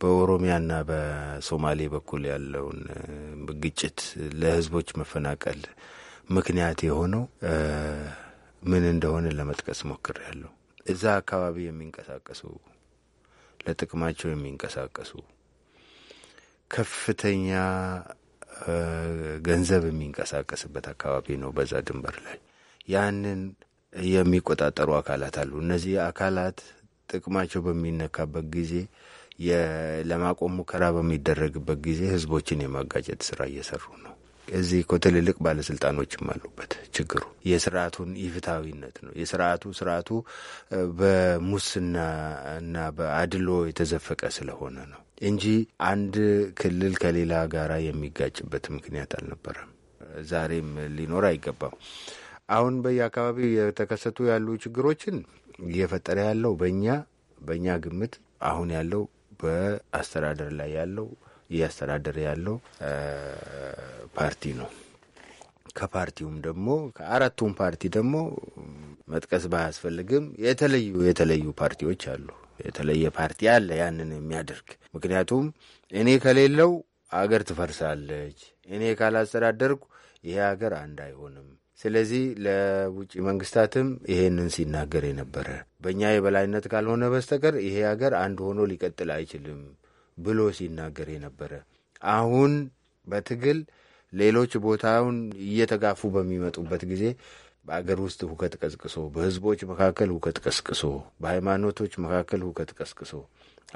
በኦሮሚያና በሶማሌ በኩል ያለውን ግጭት ለህዝቦች መፈናቀል ምክንያት የሆነው ምን እንደሆነ ለመጥቀስ ሞክር ያለው እዛ አካባቢ የሚንቀሳቀሱ ለጥቅማቸው የሚንቀሳቀሱ ከፍተኛ ገንዘብ የሚንቀሳቀስበት አካባቢ ነው። በዛ ድንበር ላይ ያንን የሚቆጣጠሩ አካላት አሉ። እነዚህ አካላት ጥቅማቸው በሚነካበት ጊዜ ለማቆም ሙከራ በሚደረግበት ጊዜ ህዝቦችን የማጋጨት ስራ እየሰሩ ነው። እዚህ እኮ ትልልቅ ባለስልጣኖችም አሉበት። ችግሩ የስርዓቱን ኢፍትሐዊነት ነው። የስርዓቱ ስርዓቱ በሙስና እና በአድሎ የተዘፈቀ ስለሆነ ነው እንጂ አንድ ክልል ከሌላ ጋራ የሚጋጭበት ምክንያት አልነበረም። ዛሬም ሊኖር አይገባም። አሁን በየአካባቢው የተከሰቱ ያሉ ችግሮችን እየፈጠረ ያለው በእኛ በእኛ ግምት አሁን ያለው በአስተዳደር ላይ ያለው እያስተዳደር ያለው ፓርቲ ነው። ከፓርቲውም ደግሞ ከአራቱም ፓርቲ ደግሞ መጥቀስ ባያስፈልግም የተለዩ የተለዩ ፓርቲዎች አሉ። የተለየ ፓርቲ አለ ያንን የሚያደርግ ምክንያቱም እኔ ከሌለው አገር ትፈርሳለች፣ እኔ ካላስተዳደርኩ ይሄ ሀገር አንድ አይሆንም ስለዚህ ለውጭ መንግስታትም ይሄንን ሲናገር የነበረ በእኛ የበላይነት ካልሆነ በስተቀር ይሄ ሀገር አንድ ሆኖ ሊቀጥል አይችልም ብሎ ሲናገር የነበረ አሁን በትግል ሌሎች ቦታውን እየተጋፉ በሚመጡበት ጊዜ በአገር ውስጥ ሁከት ቀስቅሶ፣ በህዝቦች መካከል ሁከት ቀስቅሶ፣ በሃይማኖቶች መካከል ሁከት ቀስቅሶ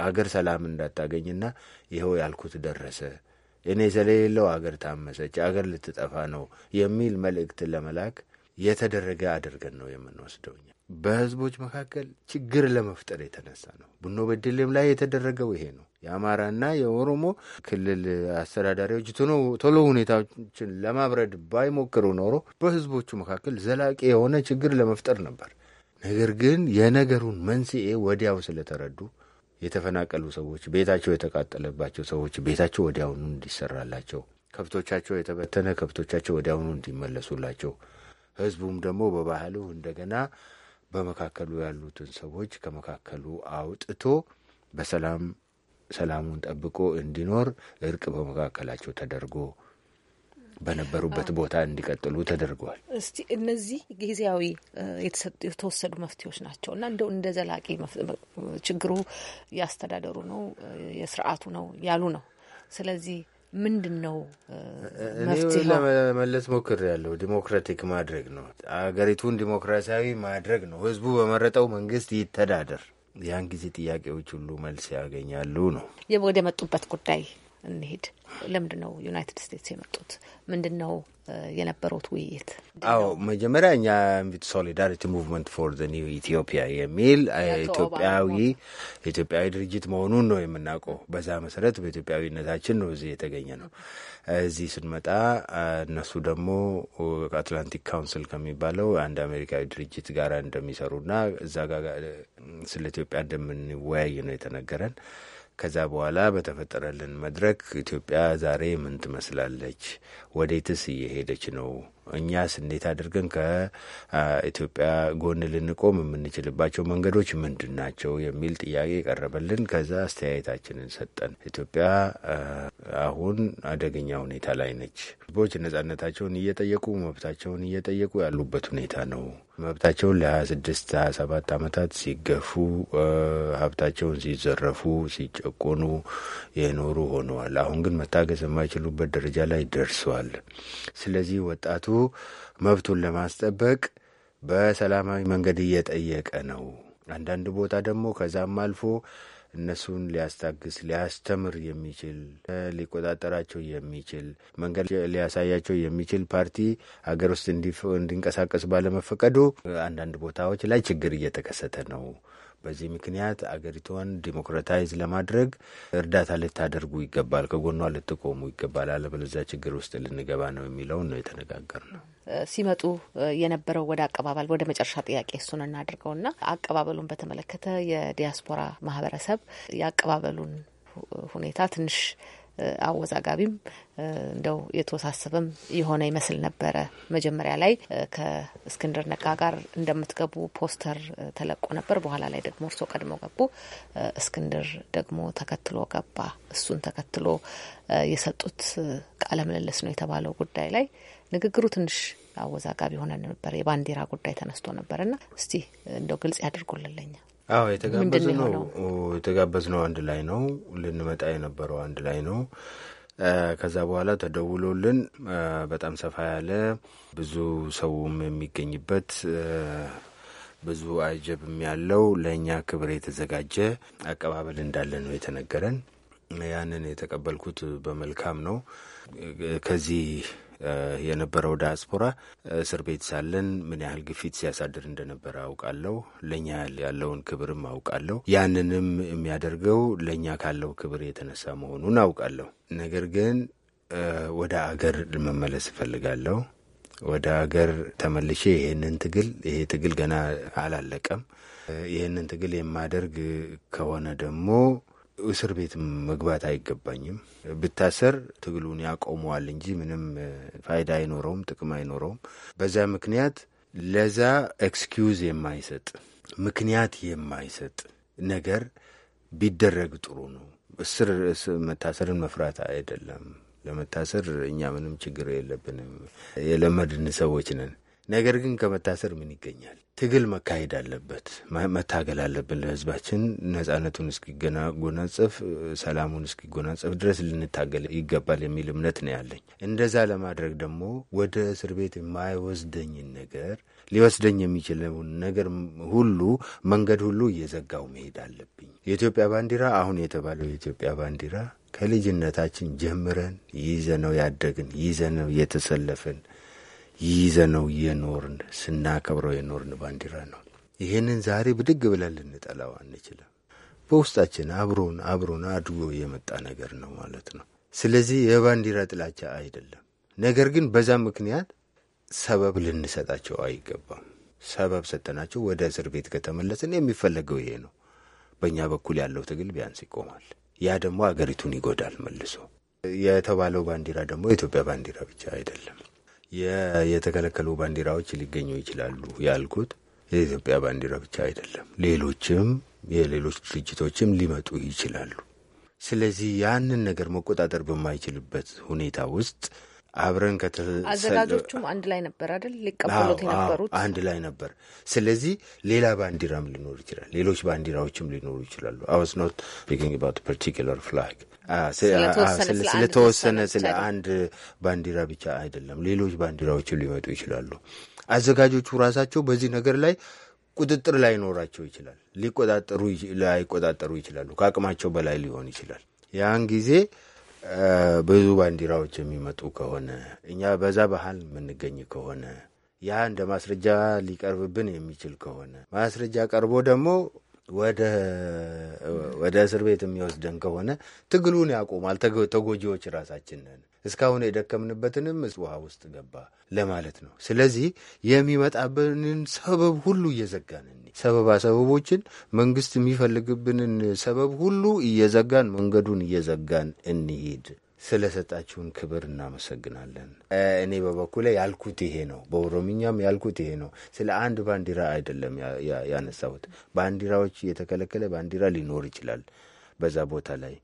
አገር ሰላም እንዳታገኝና ይኸው ያልኩት ደረሰ እኔ ስለሌለው አገር ታመሰች፣ አገር ልትጠፋ ነው የሚል መልእክት ለመላክ የተደረገ አድርገን ነው የምንወስደው። በህዝቦች መካከል ችግር ለመፍጠር የተነሳ ነው። ቡኖ በድልም ላይ የተደረገው ይሄ ነው። የአማራና የኦሮሞ ክልል አስተዳዳሪዎች ቶሎ ሁኔታዎችን ለማብረድ ባይሞክሩ ኖሮ በህዝቦቹ መካከል ዘላቂ የሆነ ችግር ለመፍጠር ነበር። ነገር ግን የነገሩን መንስኤ ወዲያው ስለተረዱ የተፈናቀሉ ሰዎች፣ ቤታቸው የተቃጠለባቸው ሰዎች ቤታቸው ወዲያውኑ እንዲሰራላቸው፣ ከብቶቻቸው የተበተነ ከብቶቻቸው ወዲያውኑ እንዲመለሱላቸው፣ ህዝቡም ደግሞ በባህሉ እንደገና በመካከሉ ያሉትን ሰዎች ከመካከሉ አውጥቶ በሰላም ሰላሙን ጠብቆ እንዲኖር እርቅ በመካከላቸው ተደርጎ በነበሩበት ቦታ እንዲቀጥሉ ተደርጓል። እስቲ እነዚህ ጊዜያዊ የተወሰዱ መፍትሄዎች ናቸው እና እንደው እንደ ዘላቂ ችግሩ ያስተዳደሩ ነው የስርዓቱ ነው ያሉ ነው። ስለዚህ ምንድን ነው እኔ ለመለስ ሞክር ያለው ዲሞክራቲክ ማድረግ ነው። አገሪቱን ዲሞክራሲያዊ ማድረግ ነው። ህዝቡ በመረጠው መንግስት ይተዳደር። ያን ጊዜ ጥያቄዎች ሁሉ መልስ ያገኛሉ ነው ወደ መጡበት ጉዳይ እንሄድ። ለምንድን ነው ዩናይትድ ስቴትስ የመጡት? ምንድን ነው የነበሩት ውይይት? አዎ መጀመሪያ እኛ ሶሊዳሪቲ ሙቭመንት ፎር ዘ ኒው ኢትዮጵያ የሚል ኢትዮጵያዊ ኢትዮጵያዊ ድርጅት መሆኑን ነው የምናውቀው። በዛ መሰረት በኢትዮጵያዊነታችን ነው እዚህ የተገኘ ነው። እዚህ ስንመጣ እነሱ ደግሞ አትላንቲክ ካውንስል ከሚባለው አንድ አሜሪካዊ ድርጅት ጋር እንደሚሰሩና እዛ ጋር ስለ ኢትዮጵያ እንደምንወያይ ነው የተነገረን። ከዛ በኋላ በተፈጠረልን መድረክ ኢትዮጵያ ዛሬ ምን ትመስላለች? ወዴትስ እየሄደች ነው? እኛስ እንዴት አድርገን ከኢትዮጵያ ጎን ልንቆም የምንችልባቸው መንገዶች ምንድን ናቸው? የሚል ጥያቄ ቀረበልን። ከዛ አስተያየታችንን ሰጠን። ኢትዮጵያ አሁን አደገኛ ሁኔታ ላይ ነች። ህዝቦች ነጻነታቸውን እየጠየቁ መብታቸውን እየጠየቁ ያሉበት ሁኔታ ነው። መብታቸውን ለ26 27 ዓመታት ሲገፉ ሀብታቸውን ሲዘረፉ ሲጨቆኑ የኖሩ ሆነዋል። አሁን ግን መታገስ የማይችሉበት ደረጃ ላይ ደርሰዋል። ስለዚህ ወጣቱ መብቱን ለማስጠበቅ በሰላማዊ መንገድ እየጠየቀ ነው። አንዳንድ ቦታ ደግሞ ከዛም አልፎ እነሱን ሊያስታግስ ሊያስተምር የሚችል ሊቆጣጠራቸው የሚችል መንገድ ሊያሳያቸው የሚችል ፓርቲ ሀገር ውስጥ እንዲንቀሳቀስ ባለመፈቀዱ አንዳንድ ቦታዎች ላይ ችግር እየተከሰተ ነው። በዚህ ምክንያት አገሪቷን ዲሞክራታይዝ ለማድረግ እርዳታ ልታደርጉ ይገባል፣ ከጎኗ ልትቆሙ ይገባል፣ አለበለዚያ ችግር ውስጥ ልንገባ ነው የሚለውን ነው የተነጋገር ነው። ሲመጡ የነበረው ወደ አቀባበል ወደ መጨረሻ ጥያቄ እሱን እናድርገውና አቀባበሉን በተመለከተ የዲያስፖራ ማህበረሰብ የአቀባበሉን ሁኔታ ትንሽ አወዛጋቢም እንደው የተወሳሰበም የሆነ ይመስል ነበረ። መጀመሪያ ላይ ከእስክንድር ነጋ ጋር እንደምትገቡ ፖስተር ተለቆ ነበር። በኋላ ላይ ደግሞ እርሶ ቀድመው ገቡ፣ እስክንድር ደግሞ ተከትሎ ገባ። እሱን ተከትሎ የሰጡት ቃለ ምልልስ ነው የተባለው ጉዳይ ላይ ንግግሩ ትንሽ አወዛጋቢ ሆነ ነበር። የባንዲራ ጉዳይ ተነስቶ ነበርና እስቲ እንደው ግልጽ ያደርጉልለኛ አዎ የተጋበዝ ነው የተጋበዝ ነው አንድ ላይ ነው ልንመጣ የነበረው አንድ ላይ ነው። ከዛ በኋላ ተደውሎልን በጣም ሰፋ ያለ ብዙ ሰውም የሚገኝበት ብዙ አጀብም ያለው ለእኛ ክብር የተዘጋጀ አቀባበል እንዳለ ነው የተነገረን። ያንን የተቀበልኩት በመልካም ነው ከዚህ የነበረው ዳያስፖራ እስር ቤት ሳለን ምን ያህል ግፊት ሲያሳድር እንደነበረ አውቃለሁ። ለእኛ ያለውን ክብርም አውቃለሁ። ያንንም የሚያደርገው ለእኛ ካለው ክብር የተነሳ መሆኑን አውቃለሁ። ነገር ግን ወደ አገር መመለስ እፈልጋለሁ። ወደ አገር ተመልሼ ይህንን ትግል ይሄ ትግል ገና አላለቀም። ይህንን ትግል የማደርግ ከሆነ ደግሞ እስር ቤት መግባት አይገባኝም። ብታሰር ትግሉን ያቆመዋል እንጂ ምንም ፋይዳ አይኖረውም፣ ጥቅም አይኖረውም። በዛ ምክንያት ለዛ ኤክስኪዩዝ የማይሰጥ ምክንያት የማይሰጥ ነገር ቢደረግ ጥሩ ነው። እስር መታሰርን መፍራት አይደለም። ለመታሰር እኛ ምንም ችግር የለብንም፣ የለመድን ሰዎች ነን። ነገር ግን ከመታሰር ምን ይገኛል? ትግል መካሄድ አለበት፣ መታገል አለብን። ለህዝባችን ነጻነቱን እስኪጎናጸፍ፣ ሰላሙን እስኪጎናጸፍ ድረስ ልንታገል ይገባል የሚል እምነት ነው ያለኝ። እንደዛ ለማድረግ ደግሞ ወደ እስር ቤት የማይወስደኝን ነገር ሊወስደኝ የሚችለውን ነገር ሁሉ መንገድ ሁሉ እየዘጋው መሄድ አለብኝ። የኢትዮጵያ ባንዲራ አሁን የተባለው የኢትዮጵያ ባንዲራ ከልጅነታችን ጀምረን ይዘነው ያደግን ይዘነው የተሰለፍን ይዘነው የኖርን ስናከብረው የኖርን ባንዲራ ነው። ይህንን ዛሬ ብድግ ብለን ልንጠላው አንችልም። በውስጣችን አብሮን አብሮን አድጎ የመጣ ነገር ነው ማለት ነው። ስለዚህ የባንዲራ ጥላቻ አይደለም። ነገር ግን በዛ ምክንያት ሰበብ ልንሰጣቸው አይገባም። ሰበብ ሰጠናቸው ወደ እስር ቤት ከተመለስን የሚፈለገው ይሄ ነው። በእኛ በኩል ያለው ትግል ቢያንስ ይቆማል። ያ ደግሞ አገሪቱን ይጎዳል። መልሶ የተባለው ባንዲራ ደግሞ የኢትዮጵያ ባንዲራ ብቻ አይደለም። የተከለከሉ ባንዲራዎች ሊገኙ ይችላሉ ያልኩት የኢትዮጵያ ባንዲራ ብቻ አይደለም፣ ሌሎችም የሌሎች ድርጅቶችም ሊመጡ ይችላሉ። ስለዚህ ያንን ነገር መቆጣጠር በማይችልበት ሁኔታ ውስጥ አብረን አዘጋጆቹም አንድ ላይ ነበር አይደል? ሊቀበሉት የነበሩት አንድ ላይ ነበር። ስለዚህ ሌላ ባንዲራም ሊኖር ይችላል፣ ሌሎች ባንዲራዎችም ሊኖሩ ይችላሉ። አወስ ኖት ስፒኪንግ አባውት ፍላግ ስለተወሰነ ስለ አንድ ባንዲራ ብቻ አይደለም፣ ሌሎች ባንዲራዎች ሊመጡ ይችላሉ። አዘጋጆቹ ራሳቸው በዚህ ነገር ላይ ቁጥጥር ላይኖራቸው ይችላል፣ ሊቆጣጠሩ ላይቆጣጠሩ ይችላሉ። ከአቅማቸው በላይ ሊሆን ይችላል። ያን ጊዜ ብዙ ባንዲራዎች የሚመጡ ከሆነ እኛ በዛ ባህል የምንገኝ ከሆነ ያ እንደ ማስረጃ ሊቀርብብን የሚችል ከሆነ ማስረጃ ቀርቦ ደግሞ ወደ እስር ቤት የሚወስደን ከሆነ ትግሉን ያቆማል። ተጎጂዎች ራሳችን ነን። እስካሁን የደከምንበትንም ውሃ ውስጥ ገባ ለማለት ነው። ስለዚህ የሚመጣብንን ሰበብ ሁሉ እየዘጋን ሰበባ ሰበቦችን መንግስት የሚፈልግብንን ሰበብ ሁሉ እየዘጋን መንገዱን እየዘጋን እንሂድ። ስለሰጣችሁን ክብር እናመሰግናለን። እኔ በበኩሌ ያልኩት ይሄ ነው። በኦሮምኛም ያልኩት ይሄ ነው። ስለ አንድ ባንዲራ አይደለም ያነሳሁት። ባንዲራዎች የተከለከለ ባንዲራ ሊኖር ይችላል በዛ ቦታ ላይ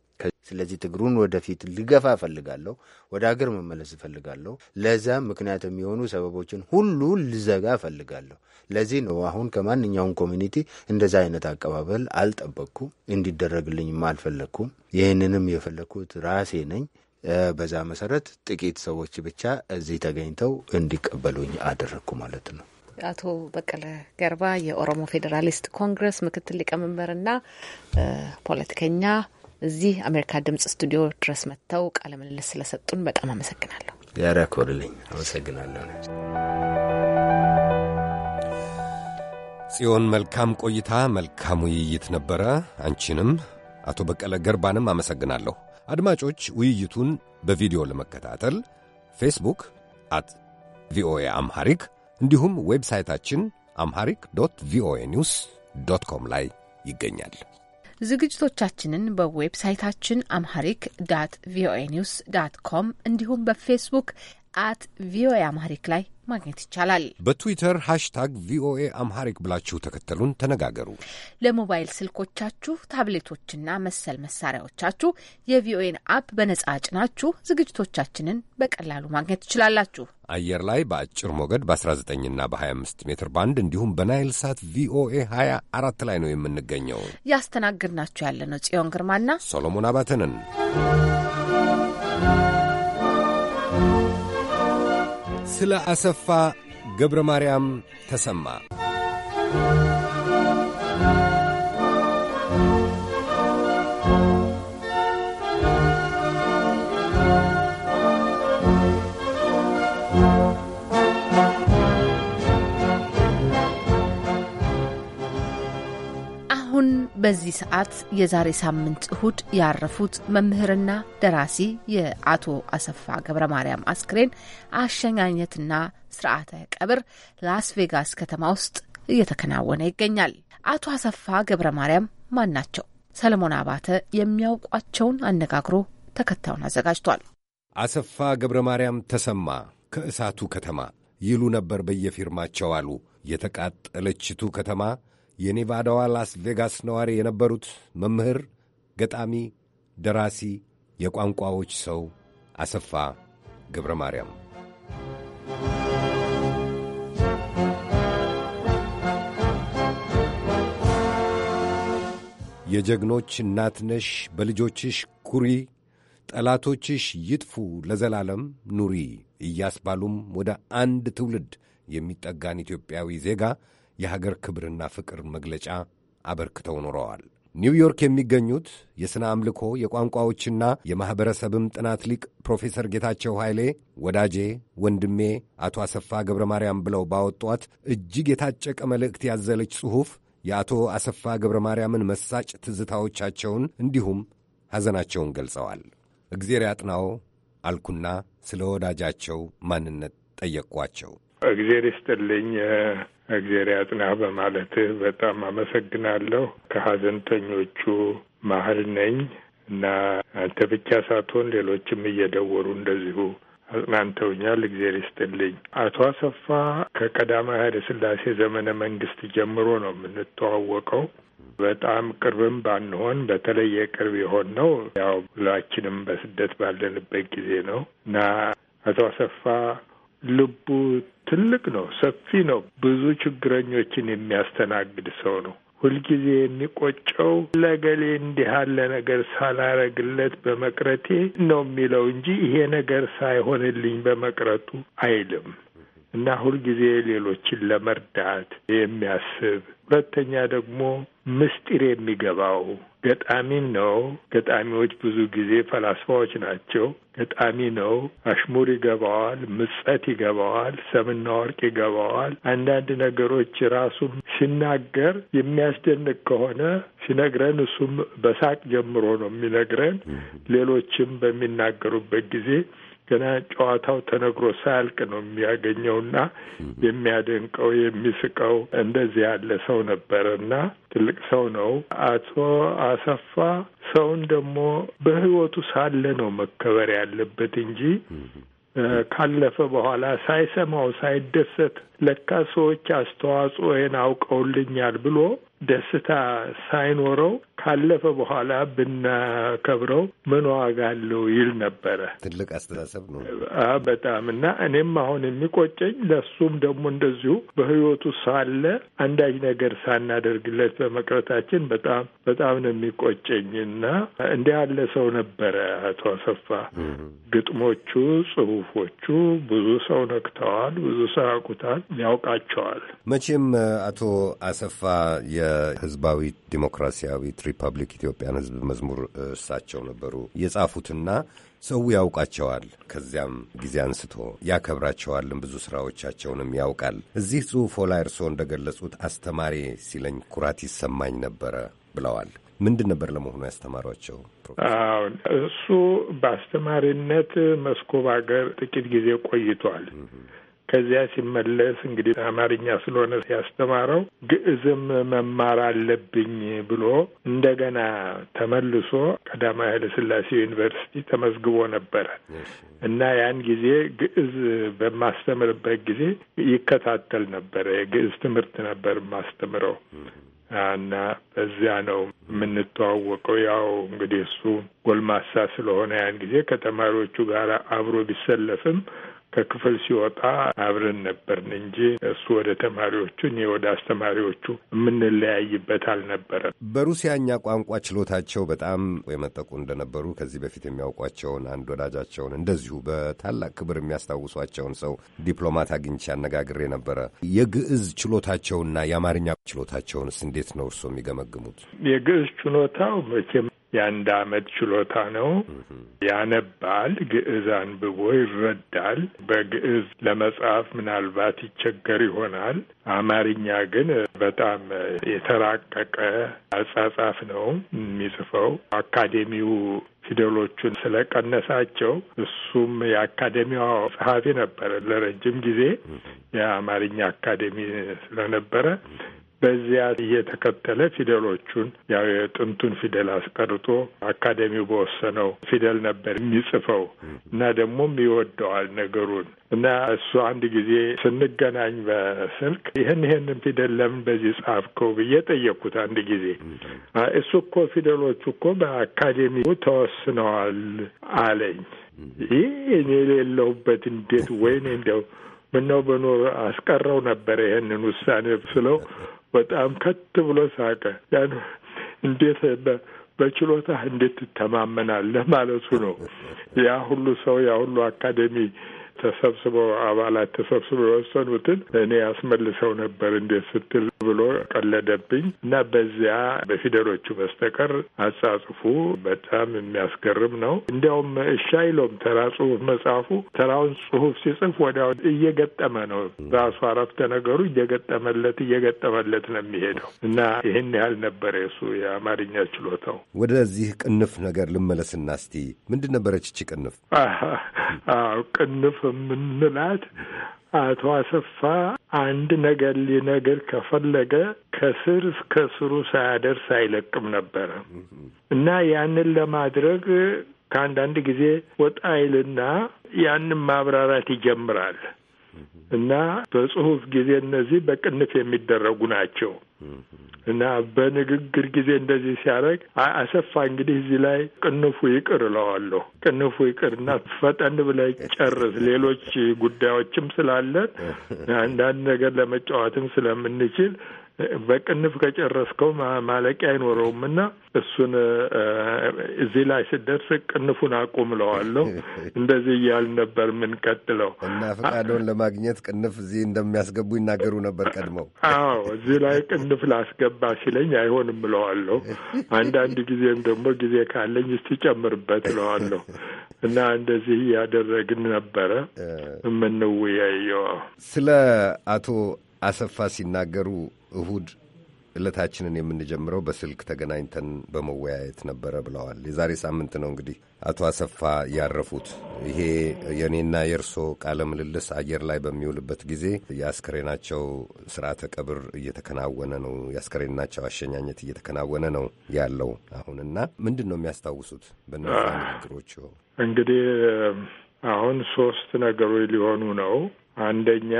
ስለዚህ ትግሩን ወደፊት ልገፋ እፈልጋለሁ። ወደ ሀገር መመለስ እፈልጋለሁ። ለዛ ምክንያት የሚሆኑ ሰበቦችን ሁሉ ልዘጋ እፈልጋለሁ። ለዚህ ነው አሁን ከማንኛውም ኮሚኒቲ እንደዛ አይነት አቀባበል አልጠበቅኩም፣ እንዲደረግልኝም አልፈለግኩም። ይህንንም የፈለግኩት ራሴ ነኝ። በዛ መሰረት ጥቂት ሰዎች ብቻ እዚህ ተገኝተው እንዲቀበሉኝ አደረግኩ ማለት ነው። አቶ በቀለ ገርባ የኦሮሞ ፌዴራሊስት ኮንግረስ ምክትል ሊቀመንበርና ፖለቲከኛ እዚህ አሜሪካ ድምጽ ስቱዲዮ ድረስ መጥተው ቃለ ምልልስ ስለሰጡን በጣም አመሰግናለሁ። ያረኮልልኝ አመሰግናለሁ። ጽዮን፣ መልካም ቆይታ፣ መልካም ውይይት ነበረ። አንቺንም አቶ በቀለ ገርባንም አመሰግናለሁ። አድማጮች ውይይቱን በቪዲዮ ለመከታተል ፌስቡክ አት ቪኦኤ አምሐሪክ እንዲሁም ዌብሳይታችን አምሐሪክ ዶት ቪኦኤ ኒውስ ዶት ኮም ላይ ይገኛል። ዝግጅቶቻችንን በዌብሳይታችን አምሃሪክ ዳት ቪኦኤ ኒውስ ዳት ኮም እንዲሁም በፌስቡክ አት ቪኦኤ አምሃሪክ ላይ ማግኘት ይቻላል። በትዊተር ሃሽታግ ቪኦኤ አምሃሪክ ብላችሁ ተከተሉን፣ ተነጋገሩ። ለሞባይል ስልኮቻችሁ ታብሌቶችና መሰል መሳሪያዎቻችሁ የቪኦኤን አፕ በነጻ ጭናችሁ ዝግጅቶቻችንን በቀላሉ ማግኘት ትችላላችሁ። አየር ላይ በአጭር ሞገድ በ19ና በ25 ሜትር ባንድ እንዲሁም በናይል ሳት ቪኦኤ 24 ላይ ነው የምንገኘው። ያስተናግድናችሁ ያለነው ጽዮን ግርማና ሶሎሞን አባተንን ስለ አሰፋ ገብረ ማርያም ተሰማ በዚህ ሰዓት የዛሬ ሳምንት እሁድ ያረፉት መምህርና ደራሲ የአቶ አሰፋ ገብረ ማርያም አስክሬን አሸኛኘትና ስርዓተ ቀብር ላስ ቬጋስ ከተማ ውስጥ እየተከናወነ ይገኛል። አቶ አሰፋ ገብረ ማርያም ማን ናቸው? ሰለሞን አባተ የሚያውቋቸውን አነጋግሮ ተከታዩን አዘጋጅቷል። አሰፋ ገብረ ማርያም ተሰማ ከእሳቱ ከተማ ይሉ ነበር በየፊርማቸው አሉ። የተቃጠለችቱ ከተማ የኔቫዳዋ ላስ ቬጋስ ነዋሪ የነበሩት መምህር፣ ገጣሚ፣ ደራሲ፣ የቋንቋዎች ሰው አሰፋ ገብረ ማርያም የጀግኖች እናትነሽ በልጆችሽ ኩሪ፣ ጠላቶችሽ ይጥፉ ለዘላለም ኑሪ እያስባሉም ወደ አንድ ትውልድ የሚጠጋን ኢትዮጵያዊ ዜጋ የሀገር ክብርና ፍቅር መግለጫ አበርክተው ኑረዋል። ኒውዮርክ የሚገኙት የሥነ አምልኮ የቋንቋዎችና የማኅበረሰብም ጥናት ሊቅ ፕሮፌሰር ጌታቸው ኃይሌ ወዳጄ ወንድሜ አቶ አሰፋ ገብረ ማርያም ብለው ባወጧት እጅግ የታጨቀ መልእክት ያዘለች ጽሑፍ የአቶ አሰፋ ገብረ ማርያምን መሳጭ ትዝታዎቻቸውን እንዲሁም ሐዘናቸውን ገልጸዋል። እግዜር ያጥናው አልኩና ስለ ወዳጃቸው ማንነት ጠየቅኳቸው። እግዜር ይስጥልኝ እግዜር ያጽናህ በማለትህ በጣም አመሰግናለሁ። ከሀዘንተኞቹ መሀል ነኝ እና አንተ ብቻ ሳትሆን ሌሎችም እየደወሩ እንደዚሁ አጽናንተውኛል። እግዜር ይስጥልኝ። አቶ አሰፋ ከቀዳማዊ ኃይለ ሥላሴ ዘመነ መንግስት ጀምሮ ነው የምንተዋወቀው። በጣም ቅርብም ባንሆን በተለየ ቅርብ የሆን ነው ያው ሁላችንም በስደት ባለንበት ጊዜ ነው እና አቶ አሰፋ ልቡ ትልቅ ነው፣ ሰፊ ነው። ብዙ ችግረኞችን የሚያስተናግድ ሰው ነው። ሁልጊዜ የሚቆጨው ለገሌ እንዲህ ያለ ነገር ሳላረግለት በመቅረቴ ነው የሚለው እንጂ ይሄ ነገር ሳይሆንልኝ በመቅረቱ አይልም። እና ሁልጊዜ ሌሎችን ለመርዳት የሚያስብ ሁለተኛ ደግሞ ምስጢር የሚገባው ገጣሚ ነው። ገጣሚዎች ብዙ ጊዜ ፈላስፋዎች ናቸው። ገጣሚ ነው። አሽሙር ይገባዋል፣ ምጸት ይገባዋል፣ ሰምና ወርቅ ይገባዋል። አንዳንድ ነገሮች ራሱ ሲናገር የሚያስደንቅ ከሆነ ሲነግረን እሱም በሳቅ ጀምሮ ነው የሚነግረን። ሌሎችም በሚናገሩበት ጊዜ ገና ጨዋታው ተነግሮ ሳያልቅ ነው የሚያገኘውና የሚያደንቀው የሚስቀው እንደዚህ ያለ ሰው ነበር እና ትልቅ ሰው ነው አቶ አሰፋ። ሰውን ደግሞ በህይወቱ ሳለ ነው መከበር ያለበት እንጂ ካለፈ በኋላ ሳይሰማው ሳይደሰት ለካ ሰዎች አስተዋጽኦዬን አውቀውልኛል ብሎ ደስታ ሳይኖረው ካለፈ በኋላ ብናከብረው ምን ዋጋ አለው ይል ነበረ። ትልቅ አስተሳሰብ ነው በጣም እና እኔም አሁን የሚቆጨኝ ለሱም ደግሞ እንደዚሁ በህይወቱ ሳለ አንዳች ነገር ሳናደርግለት በመቅረታችን በጣም በጣም ነው የሚቆጨኝ እና እንዲህ ያለ ሰው ነበረ አቶ አሰፋ። ግጥሞቹ፣ ጽሁፎቹ ብዙ ሰው ነክተዋል፣ ብዙ ሰው ያውቁታል፣ ያውቃቸዋል። መቼም አቶ አሰፋ የህዝባዊ ዲሞክራሲያዊት ሪፐብሊክ ኢትዮጵያን ህዝብ መዝሙር እሳቸው ነበሩ የጻፉትና ሰው ያውቃቸዋል። ከዚያም ጊዜ አንስቶ ያከብራቸዋልን፣ ብዙ ስራዎቻቸውንም ያውቃል። እዚህ ጽሑፎ ላይ እርስዎ እንደገለጹት አስተማሪ ሲለኝ ኩራት ይሰማኝ ነበረ ብለዋል። ምንድን ነበር ለመሆኑ ያስተማሯቸው? አዎ እሱ በአስተማሪነት መስኮብ ሀገር ጥቂት ጊዜ ቆይቷል። ከዚያ ሲመለስ እንግዲህ አማርኛ ስለሆነ ያስተማረው ግዕዝም መማር አለብኝ ብሎ እንደገና ተመልሶ ቀዳማዊ ኃይለ ሥላሴ ዩኒቨርሲቲ ተመዝግቦ ነበረ እና ያን ጊዜ ግዕዝ በማስተምርበት ጊዜ ይከታተል ነበረ። የግዕዝ ትምህርት ነበር የማስተምረው እና በዚያ ነው የምንተዋወቀው። ያው እንግዲህ እሱ ጎልማሳ ስለሆነ ያን ጊዜ ከተማሪዎቹ ጋር አብሮ ቢሰለፍም ከክፍል ሲወጣ አብረን ነበርን እንጂ እሱ ወደ ተማሪዎቹ እኔ ወደ አስተማሪዎቹ የምንለያይበት አልነበረም። በሩሲያኛ ቋንቋ ችሎታቸው በጣም የመጠቁ እንደነበሩ ከዚህ በፊት የሚያውቋቸውን አንድ ወዳጃቸውን እንደዚሁ በታላቅ ክብር የሚያስታውሷቸውን ሰው ዲፕሎማት አግኝቼ አነጋግሬ ነበረ። የግዕዝ ችሎታቸውና የአማርኛ ችሎታቸውንስ እንዴት ነው እርስዎ የሚገመግሙት? የግዕዝ ችሎታው መቼም የአንድ አመት ችሎታ ነው። ያነባል፣ ግዕዝ አንብቦ ይረዳል። በግዕዝ ለመጻፍ ምናልባት ይቸገር ይሆናል። አማርኛ ግን በጣም የተራቀቀ አጻጻፍ ነው የሚጽፈው። አካዴሚው ፊደሎቹን ስለቀነሳቸው እሱም የአካዴሚዋ ጸሐፊ ነበረ ለረጅም ጊዜ የአማርኛ አካዴሚ ስለነበረ በዚያ እየተከተለ ፊደሎቹን ያው የጥንቱን ፊደል አስቀርጦ አካደሚው በወሰነው ፊደል ነበር የሚጽፈው እና ደግሞም ይወደዋል ነገሩን እና እሱ አንድ ጊዜ ስንገናኝ በስልክ ይህን ይህንን ፊደል ለምን በዚህ ጻፍከው ብዬ ጠየቅኩት። አንድ ጊዜ እሱ እኮ ፊደሎቹ እኮ በአካዴሚው ተወስነዋል አለኝ። ይህ እኔ የሌለሁበት እንዴት ወይኔ እንደው ምነው በኖር አስቀረው ነበረ ይህንን ውሳኔ ስለው በጣም ከት ብሎ ሳቀ። ያን እንዴት በችሎታህ እንዴት ትተማመናለህ ማለቱ ነው። ያ ሁሉ ሰው ያ ሁሉ አካዴሚ ተሰብስበው አባላት ተሰብስበው የወሰኑትን እኔ ያስመልሰው ነበር እንዴት ስትል ብሎ ቀለደብኝ እና በዚያ በፊደሎቹ በስተቀር አጻጽፉ በጣም የሚያስገርም ነው። እንዲያውም እሻይሎም ተራ ጽሁፍ መጽሐፉ ተራውን ጽሁፍ ሲጽፍ ወዲያው እየገጠመ ነው ራሱ አረፍተ ነገሩ እየገጠመለት እየገጠመለት ነው የሚሄደው እና ይህን ያህል ነበር የሱ የአማርኛ ችሎታው። ወደዚህ ቅንፍ ነገር ልመለስና እስቲ ምንድን ነበረች እቺ ቅንፍ? ቅንፍ የምንላት አቶ አሰፋ አንድ ነገር ሊነግር ከፈለገ ከስር እስከ ስሩ ሳያደርስ አይለቅም ነበረ እና ያንን ለማድረግ ከአንዳንድ ጊዜ ወጣ ይልና ያንን ማብራራት ይጀምራል እና በጽሁፍ ጊዜ እነዚህ በቅንፍ የሚደረጉ ናቸው። እና በንግግር ጊዜ እንደዚህ ሲያደርግ አሰፋ እንግዲህ እዚህ ላይ ቅንፉ ይቅር እለዋለሁ። ቅንፉ ይቅር እና ፈጠን ብለህ ጨርስ፣ ሌሎች ጉዳዮችም ስላለን አንዳንድ ነገር ለመጫወትም ስለምንችል በቅንፍ ከጨረስከው ማለቂያ አይኖረውም እና እሱን እዚህ ላይ ስደርስ ቅንፉን አቁም ለዋለሁ። እንደዚህ እያል ነበር የምንቀጥለው እና ፈቃዶን ለማግኘት ቅንፍ እዚህ እንደሚያስገቡ ይናገሩ ነበር ቀድመው። አዎ እዚህ ላይ ቅንፍ ላስገባ ሲለኝ አይሆንም እለዋለሁ። አንዳንድ ጊዜም ደግሞ ጊዜ ካለኝ እስቲ ጨምርበት እለዋለሁ እና እንደዚህ እያደረግን ነበረ የምንወያየው ስለ አቶ አሰፋ ሲናገሩ እሁድ እለታችንን የምንጀምረው በስልክ ተገናኝተን በመወያየት ነበረ ብለዋል። የዛሬ ሳምንት ነው እንግዲህ አቶ አሰፋ ያረፉት። ይሄ የእኔና የእርሶ ቃለ ምልልስ አየር ላይ በሚውልበት ጊዜ የአስከሬናቸው ስርዓተ ቀብር እየተከናወነ ነው፣ የአስከሬናቸው አሸኛኘት እየተከናወነ ነው ያለው አሁንና ምንድን ነው የሚያስታውሱት በነዛ ንግግሮች? እንግዲህ አሁን ሶስት ነገሮች ሊሆኑ ነው አንደኛ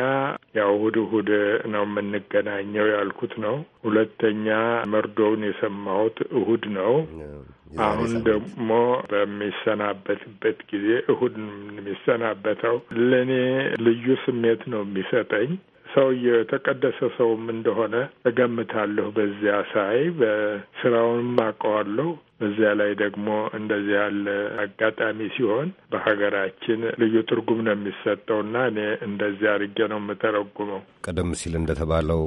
ያው እሁድ እሁድ ነው የምንገናኘው ያልኩት ነው። ሁለተኛ መርዶውን የሰማሁት እሁድ ነው። አሁን ደግሞ በሚሰናበትበት ጊዜ እሁድ የሚሰናበተው ለእኔ ልዩ ስሜት ነው የሚሰጠኝ። ሰውየው የተቀደሰ ሰውም እንደሆነ እገምታለሁ። በዚያ ሳይ በስራውንም አውቀዋለሁ። በዚያ ላይ ደግሞ እንደዚህ ያለ አጋጣሚ ሲሆን በሀገራችን ልዩ ትርጉም ነው የሚሰጠውና እኔ እንደዚህ አድርጌ ነው የምተረጉመው። ቀደም ሲል እንደተባለው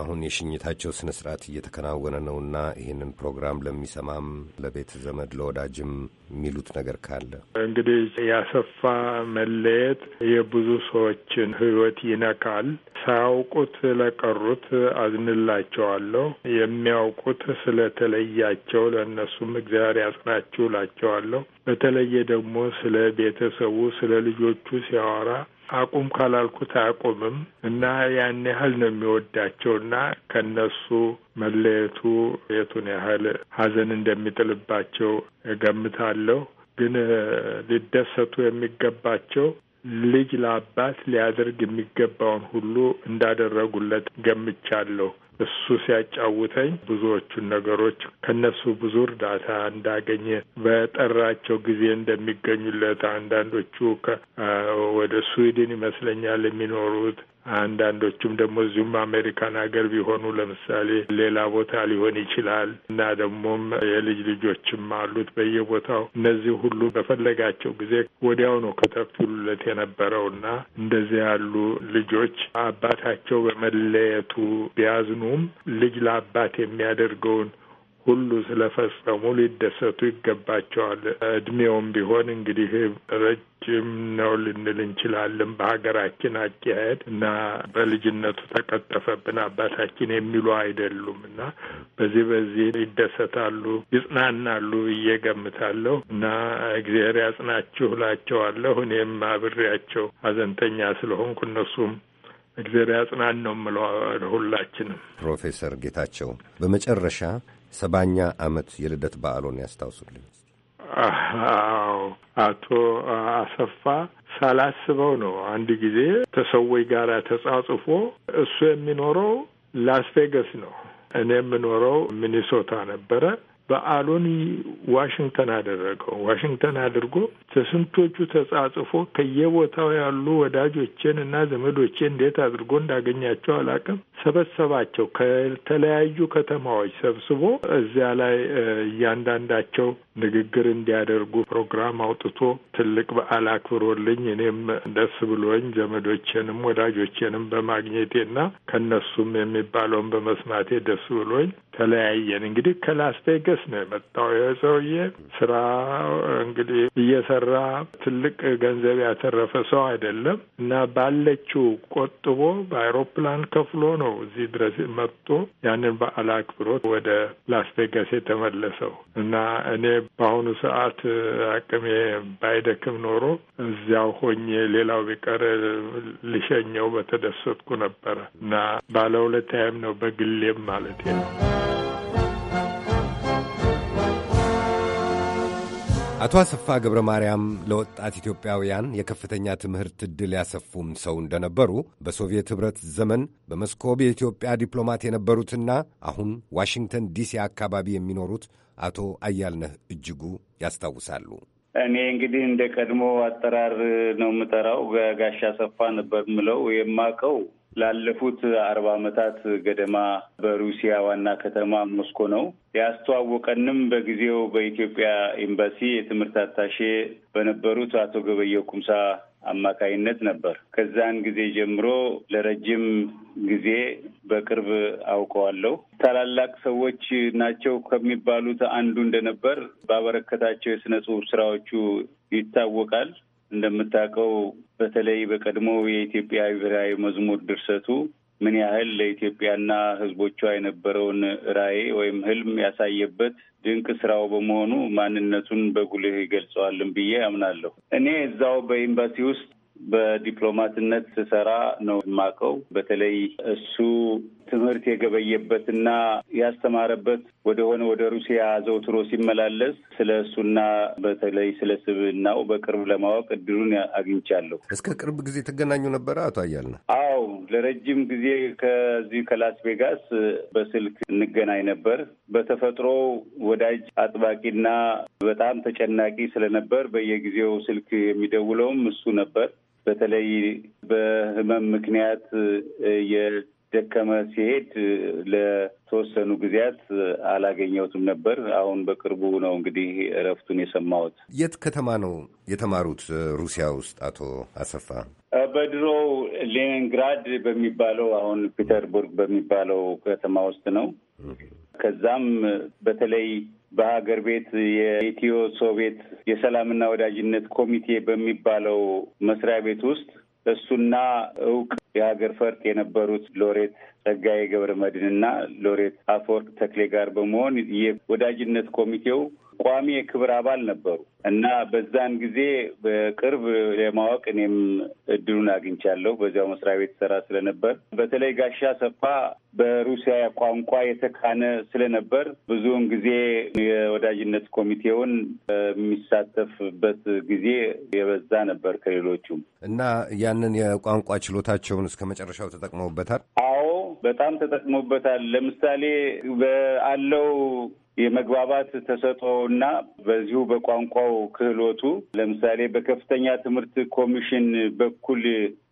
አሁን የሽኝታቸው ስነ ስርዓት እየተከናወነ ነውና ይህንን ፕሮግራም ለሚሰማም ለቤት ዘመድ ለወዳጅም የሚሉት ነገር ካለ እንግዲህ ያሰፋ መለየት የብዙ ሰዎችን ሕይወት ይነካል። ሳያውቁት ለቀሩት አዝንላቸዋለሁ። የሚያውቁት ስለተለያቸው ለእነሱም እግዚአብሔር ያጽናችሁ ላቸዋለሁ። በተለየ ደግሞ ስለ ቤተሰቡ ስለ ልጆቹ ሲያወራ አቁም ካላልኩት አያቁምም እና ያን ያህል ነው የሚወዳቸው እና ከነሱ መለየቱ የቱን ያህል ሀዘን እንደሚጥልባቸው እገምታለሁ። ግን ሊደሰቱ የሚገባቸው ልጅ ለአባት ሊያደርግ የሚገባውን ሁሉ እንዳደረጉለት ገምቻለሁ። እሱ ሲያጫውተኝ ብዙዎቹን ነገሮች ከነሱ ብዙ እርዳታ እንዳገኘ በጠራቸው ጊዜ እንደሚገኙለት አንዳንዶቹ ወደ ስዊድን ይመስለኛል የሚኖሩት አንዳንዶቹም ደግሞ እዚሁም አሜሪካን ሀገር ቢሆኑ ለምሳሌ ሌላ ቦታ ሊሆን ይችላል እና ደግሞም የልጅ ልጆችም አሉት በየቦታው። እነዚህ ሁሉ በፈለጋቸው ጊዜ ወዲያው ነው ከተፍቱለት የነበረው እና እንደዚህ ያሉ ልጆች አባታቸው በመለየቱ ቢያዝኑም ልጅ ለአባት የሚያደርገውን ሁሉ ስለፈጸሙ ሊደሰቱ ይገባቸዋል። እድሜውም ቢሆን እንግዲህ ረጅም ነው ልንል እንችላለን በሀገራችን አካሄድ እና በልጅነቱ ተቀጠፈብን አባታችን የሚሉ አይደሉም እና በዚህ በዚህ ይደሰታሉ፣ ይጽናናሉ ብዬ ገምታለሁ እና እግዚአብሔር ያጽናችሁ ላቸዋለሁ። እኔም አብሬያቸው ሀዘንተኛ ስለሆንኩ እነሱም እግዚአብሔር ያጽናን ነው የምለው ሁላችንም። ፕሮፌሰር ጌታቸው በመጨረሻ ሰባኛ ዓመት የልደት በዓሎን ያስታውሱልኝ። አዎ አቶ አሰፋ ሳላስበው ነው አንድ ጊዜ ከሰዎች ጋር ተጻጽፎ እሱ የሚኖረው ላስ ቬገስ ነው፣ እኔ የምኖረው ሚኒሶታ ነበረ። በዓሉን ዋሽንግተን አደረገው። ዋሽንግተን አድርጎ ተስንቶቹ ተጻጽፎ ከየቦታው ያሉ ወዳጆቼን እና ዘመዶቼ እንዴት አድርጎ እንዳገኛቸው አላውቅም። ሰበሰባቸው ከተለያዩ ከተማዎች ሰብስቦ እዚያ ላይ እያንዳንዳቸው ንግግር እንዲያደርጉ ፕሮግራም አውጥቶ ትልቅ በዓል አክብሮልኝ እኔም ደስ ብሎኝ ዘመዶቼንም ወዳጆቼንም በማግኘቴና ከነሱም የሚባለውን በመስማቴ ደስ ብሎኝ ተለያየን። እንግዲህ ከላስቬገስ ነው የመጣው የሰውዬ ስራ እንግዲህ እየሰራ ትልቅ ገንዘብ ያተረፈ ሰው አይደለም እና ባለችው ቆጥቦ በአይሮፕላን ከፍሎ ነው እዚህ ድረስ መጥቶ ያንን በዓል አክብሮት ወደ ላስቬገስ የተመለሰው እና እኔ በአሁኑ ሰዓት አቅሜ ባይደክም ኖሮ እዚያው ሆኜ ሌላው ቢቀር ልሸኘው በተደሰትኩ ነበረ እና ባለውለታዬም ነው በግሌም ማለት ነው። አቶ አሰፋ ገብረ ማርያም ለወጣት ኢትዮጵያውያን የከፍተኛ ትምህርት ዕድል ያሰፉም ሰው እንደነበሩ በሶቪየት ኅብረት ዘመን በመስኮብ የኢትዮጵያ ዲፕሎማት የነበሩትና አሁን ዋሽንግተን ዲሲ አካባቢ የሚኖሩት አቶ አያልነህ እጅጉ ያስታውሳሉ። እኔ እንግዲህ እንደ ቀድሞ አጠራር ነው የምጠራው። ጋሻ ሰፋ ነበር ምለው የማቀው ላለፉት አርባ አመታት ገደማ በሩሲያ ዋና ከተማ ሞስኮ ነው ያስተዋወቀንም በጊዜው በኢትዮጵያ ኤምባሲ የትምህርት አታሼ በነበሩት አቶ ገበየ ኩምሳ አማካይነት ነበር። ከዛን ጊዜ ጀምሮ ለረጅም ጊዜ በቅርብ አውቀዋለሁ። ታላላቅ ሰዎች ናቸው ከሚባሉት አንዱ እንደነበር ባበረከታቸው የስነ ጽሁፍ ስራዎቹ ይታወቃል። እንደምታውቀው በተለይ በቀድሞ የኢትዮጵያ ብሔራዊ መዝሙር ድርሰቱ ምን ያህል ለኢትዮጵያና ሕዝቦቿ የነበረውን ራዕይ ወይም ህልም ያሳየበት ድንቅ ስራው በመሆኑ ማንነቱን በጉልህ ይገልጸዋልን ብዬ አምናለሁ። እኔ እዛው በኤምባሲ ውስጥ በዲፕሎማትነት ስሰራ ነው የማውቀው። በተለይ እሱ ትምህርት የገበየበትና ያስተማረበት ወደሆነ ወደ ሩሲያ ዘውትሮ ሲመላለስ ስለ እሱና በተለይ ስለ ስብዕናው በቅርብ ለማወቅ እድሉን አግኝቻለሁ። እስከ ቅርብ ጊዜ ተገናኙ ነበረ አቶ አያልነህ? አዎ፣ ለረጅም ጊዜ ከዚህ ከላስ ቬጋስ በስልክ እንገናኝ ነበር። በተፈጥሮ ወዳጅ አጥባቂና በጣም ተጨናቂ ስለነበር በየጊዜው ስልክ የሚደውለውም እሱ ነበር። በተለይ በህመም ምክንያት የደከመ ሲሄድ ለተወሰኑ ጊዜያት አላገኘሁትም ነበር። አሁን በቅርቡ ነው እንግዲህ እረፍቱን የሰማሁት። የት ከተማ ነው የተማሩት ሩሲያ ውስጥ አቶ አሰፋ? በድሮው ሌኒንግራድ በሚባለው አሁን ፒተርቡርግ በሚባለው ከተማ ውስጥ ነው። ከዛም በተለይ በሀገር ቤት የኢትዮ ሶቪየት የሰላምና ወዳጅነት ኮሚቴ በሚባለው መስሪያ ቤት ውስጥ እሱና እውቅ የሀገር ፈርጥ የነበሩት ሎሬት ጸጋዬ ገብረ መድህን እና ሎሬት አፈወርቅ ተክሌ ጋር በመሆን የወዳጅነት ኮሚቴው ቋሚ የክብር አባል ነበሩ እና በዛን ጊዜ በቅርብ ለማወቅ እኔም እድሉን አግኝቻለሁ። በዚያው መስሪያ ቤት ሰራ ስለነበር በተለይ ጋሻ ሰፋ በሩሲያ ቋንቋ የተካነ ስለነበር ብዙውን ጊዜ የወዳጅነት ኮሚቴውን የሚሳተፍበት ጊዜ የበዛ ነበር ከሌሎቹም እና ያንን የቋንቋ ችሎታቸውን እስከ መጨረሻው ተጠቅመውበታል። አዎ፣ በጣም ተጠቅመውበታል። ለምሳሌ በአለው የመግባባት ተሰጥኦና በዚሁ በቋንቋው ክህሎቱ ለምሳሌ በከፍተኛ ትምህርት ኮሚሽን በኩል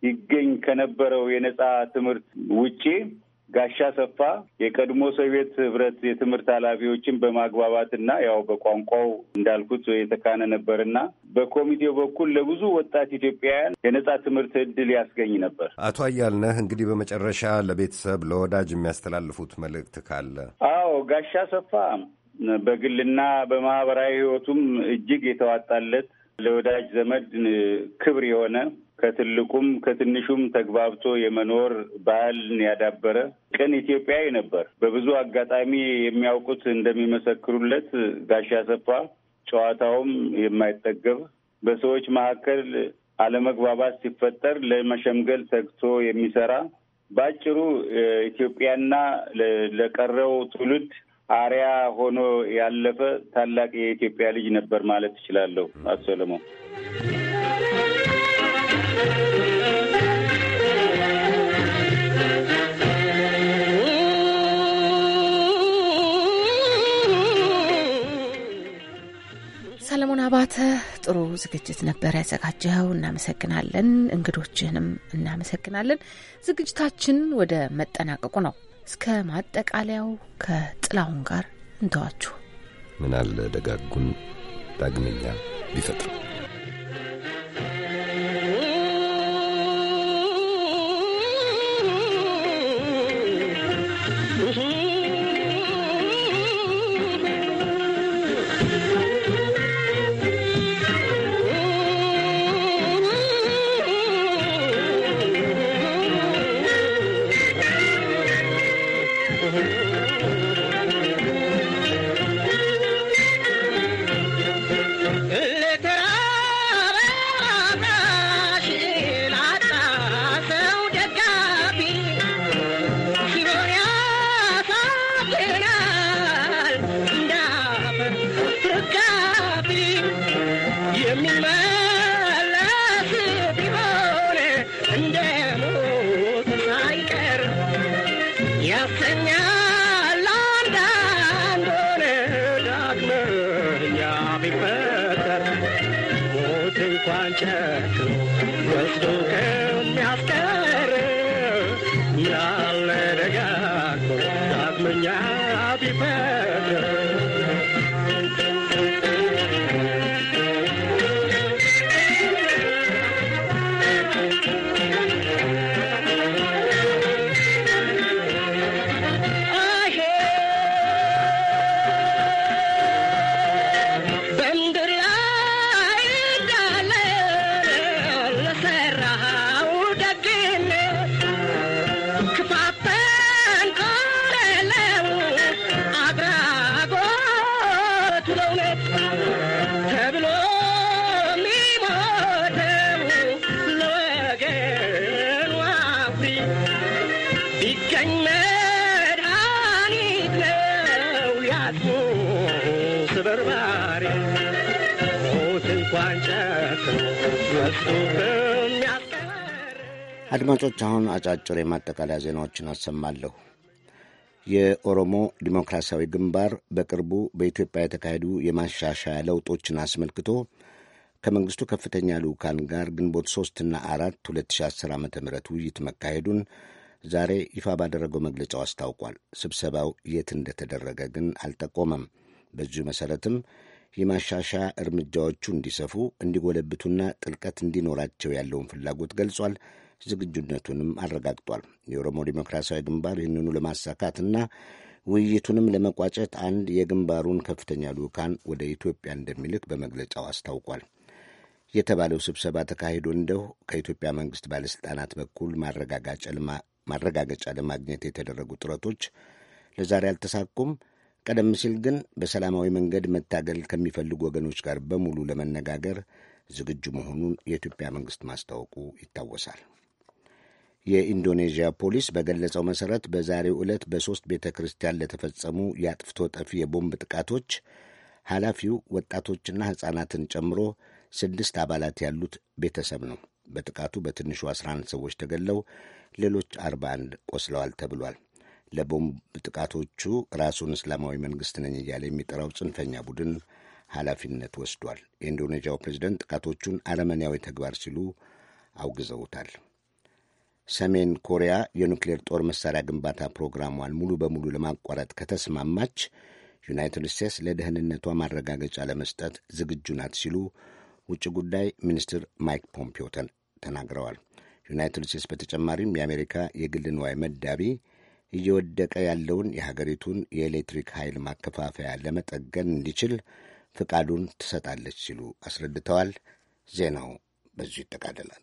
ይገኝ ከነበረው የነጻ ትምህርት ውጪ ጋሻ ሰፋ የቀድሞ ሶቪየት ህብረት የትምህርት ኃላፊዎችን በማግባባትና ያው በቋንቋው እንዳልኩት የተካነ ነበርና በኮሚቴው በኩል ለብዙ ወጣት ኢትዮጵያውያን የነጻ ትምህርት እድል ያስገኝ ነበር። አቶ አያልነህ እንግዲህ በመጨረሻ ለቤተሰብ ለወዳጅ የሚያስተላልፉት መልእክት ካለ? አዎ ጋሻ ሰፋ በግልና በማህበራዊ ህይወቱም እጅግ የተዋጣለት ለወዳጅ ዘመድ ክብር የሆነ ከትልቁም ከትንሹም ተግባብቶ የመኖር ባህልን ያዳበረ ቅን ኢትዮጵያዊ ነበር። በብዙ አጋጣሚ የሚያውቁት እንደሚመሰክሩለት ጋሻ ሰፋ ጨዋታውም የማይጠገብ በሰዎች መካከል አለመግባባት ሲፈጠር ለመሸምገል ተግቶ የሚሰራ በአጭሩ ኢትዮጵያና ለቀረው ትውልድ አሪያ ሆኖ ያለፈ ታላቅ የኢትዮጵያ ልጅ ነበር ማለት እችላለሁ። አቶ ሰለሞን ሰለሞን አባተ ጥሩ ዝግጅት ነበር ያዘጋጀኸው። እናመሰግናለን። እንግዶችህንም እናመሰግናለን። ዝግጅታችን ወደ መጠናቀቁ ነው። እስከ ማጠቃለያው ከጥላሁን ጋር እንተዋችሁ። ምናለ ደጋጉን ዳግመኛ ቢፈጥሩ አድማጮች አሁን አጫጭር የማጠቃለያ ዜናዎችን አሰማለሁ። የኦሮሞ ዲሞክራሲያዊ ግንባር በቅርቡ በኢትዮጵያ የተካሄዱ የማሻሻያ ለውጦችን አስመልክቶ ከመንግስቱ ከፍተኛ ልዑካን ጋር ግንቦት ሦስትና አራት 2010 ዓ ም ውይይት መካሄዱን ዛሬ ይፋ ባደረገው መግለጫው አስታውቋል። ስብሰባው የት እንደተደረገ ግን አልጠቆመም። በዚሁ መሠረትም የማሻሻ እርምጃዎቹ እንዲሰፉ እንዲጎለብቱና ጥልቀት እንዲኖራቸው ያለውን ፍላጎት ገልጿል። ዝግጁነቱንም አረጋግጧል። የኦሮሞ ዴሞክራሲያዊ ግንባር ይህንኑ ለማሳካትና ውይይቱንም ለመቋጨት አንድ የግንባሩን ከፍተኛ ልዑካን ወደ ኢትዮጵያ እንደሚልክ በመግለጫው አስታውቋል። የተባለው ስብሰባ ተካሂዶ እንደው ከኢትዮጵያ መንግስት ባለሥልጣናት በኩል ማረጋገጫ ማረጋገጫ ለማግኘት የተደረጉ ጥረቶች ለዛሬ አልተሳኩም። ቀደም ሲል ግን በሰላማዊ መንገድ መታገል ከሚፈልጉ ወገኖች ጋር በሙሉ ለመነጋገር ዝግጁ መሆኑን የኢትዮጵያ መንግሥት ማስታወቁ ይታወሳል። የኢንዶኔዥያ ፖሊስ በገለጸው መሠረት በዛሬው ዕለት በሦስት ቤተ ክርስቲያን ለተፈጸሙ የአጥፍቶ ጠፊ የቦምብ ጥቃቶች ኃላፊው ወጣቶችና ሕፃናትን ጨምሮ ስድስት አባላት ያሉት ቤተሰብ ነው። በጥቃቱ በትንሹ 11 ሰዎች ተገለው ሌሎች 41 ቆስለዋል ተብሏል። ለቦምብ ጥቃቶቹ ራሱን እስላማዊ መንግስት ነኝ እያለ የሚጠራው ጽንፈኛ ቡድን ኃላፊነት ወስዷል። የኢንዶኔዥያው ፕሬዝደንት ጥቃቶቹን አረመኔያዊ ተግባር ሲሉ አውግዘውታል። ሰሜን ኮሪያ የኑክሌር ጦር መሳሪያ ግንባታ ፕሮግራሟን ሙሉ በሙሉ ለማቋረጥ ከተስማማች ዩናይትድ ስቴትስ ለደህንነቷ ማረጋገጫ ለመስጠት ዝግጁ ናት ሲሉ ውጭ ጉዳይ ሚኒስትር ማይክ ፖምፒዮ ተናግረዋል። ዩናይትድ ስቴትስ በተጨማሪም የአሜሪካ የግል ንዋይ መዳቢ እየወደቀ ያለውን የሀገሪቱን የኤሌክትሪክ ኃይል ማከፋፈያ ለመጠገን እንዲችል ፍቃዱን ትሰጣለች ሲሉ አስረድተዋል። ዜናው በዚሁ ይጠቃልላል።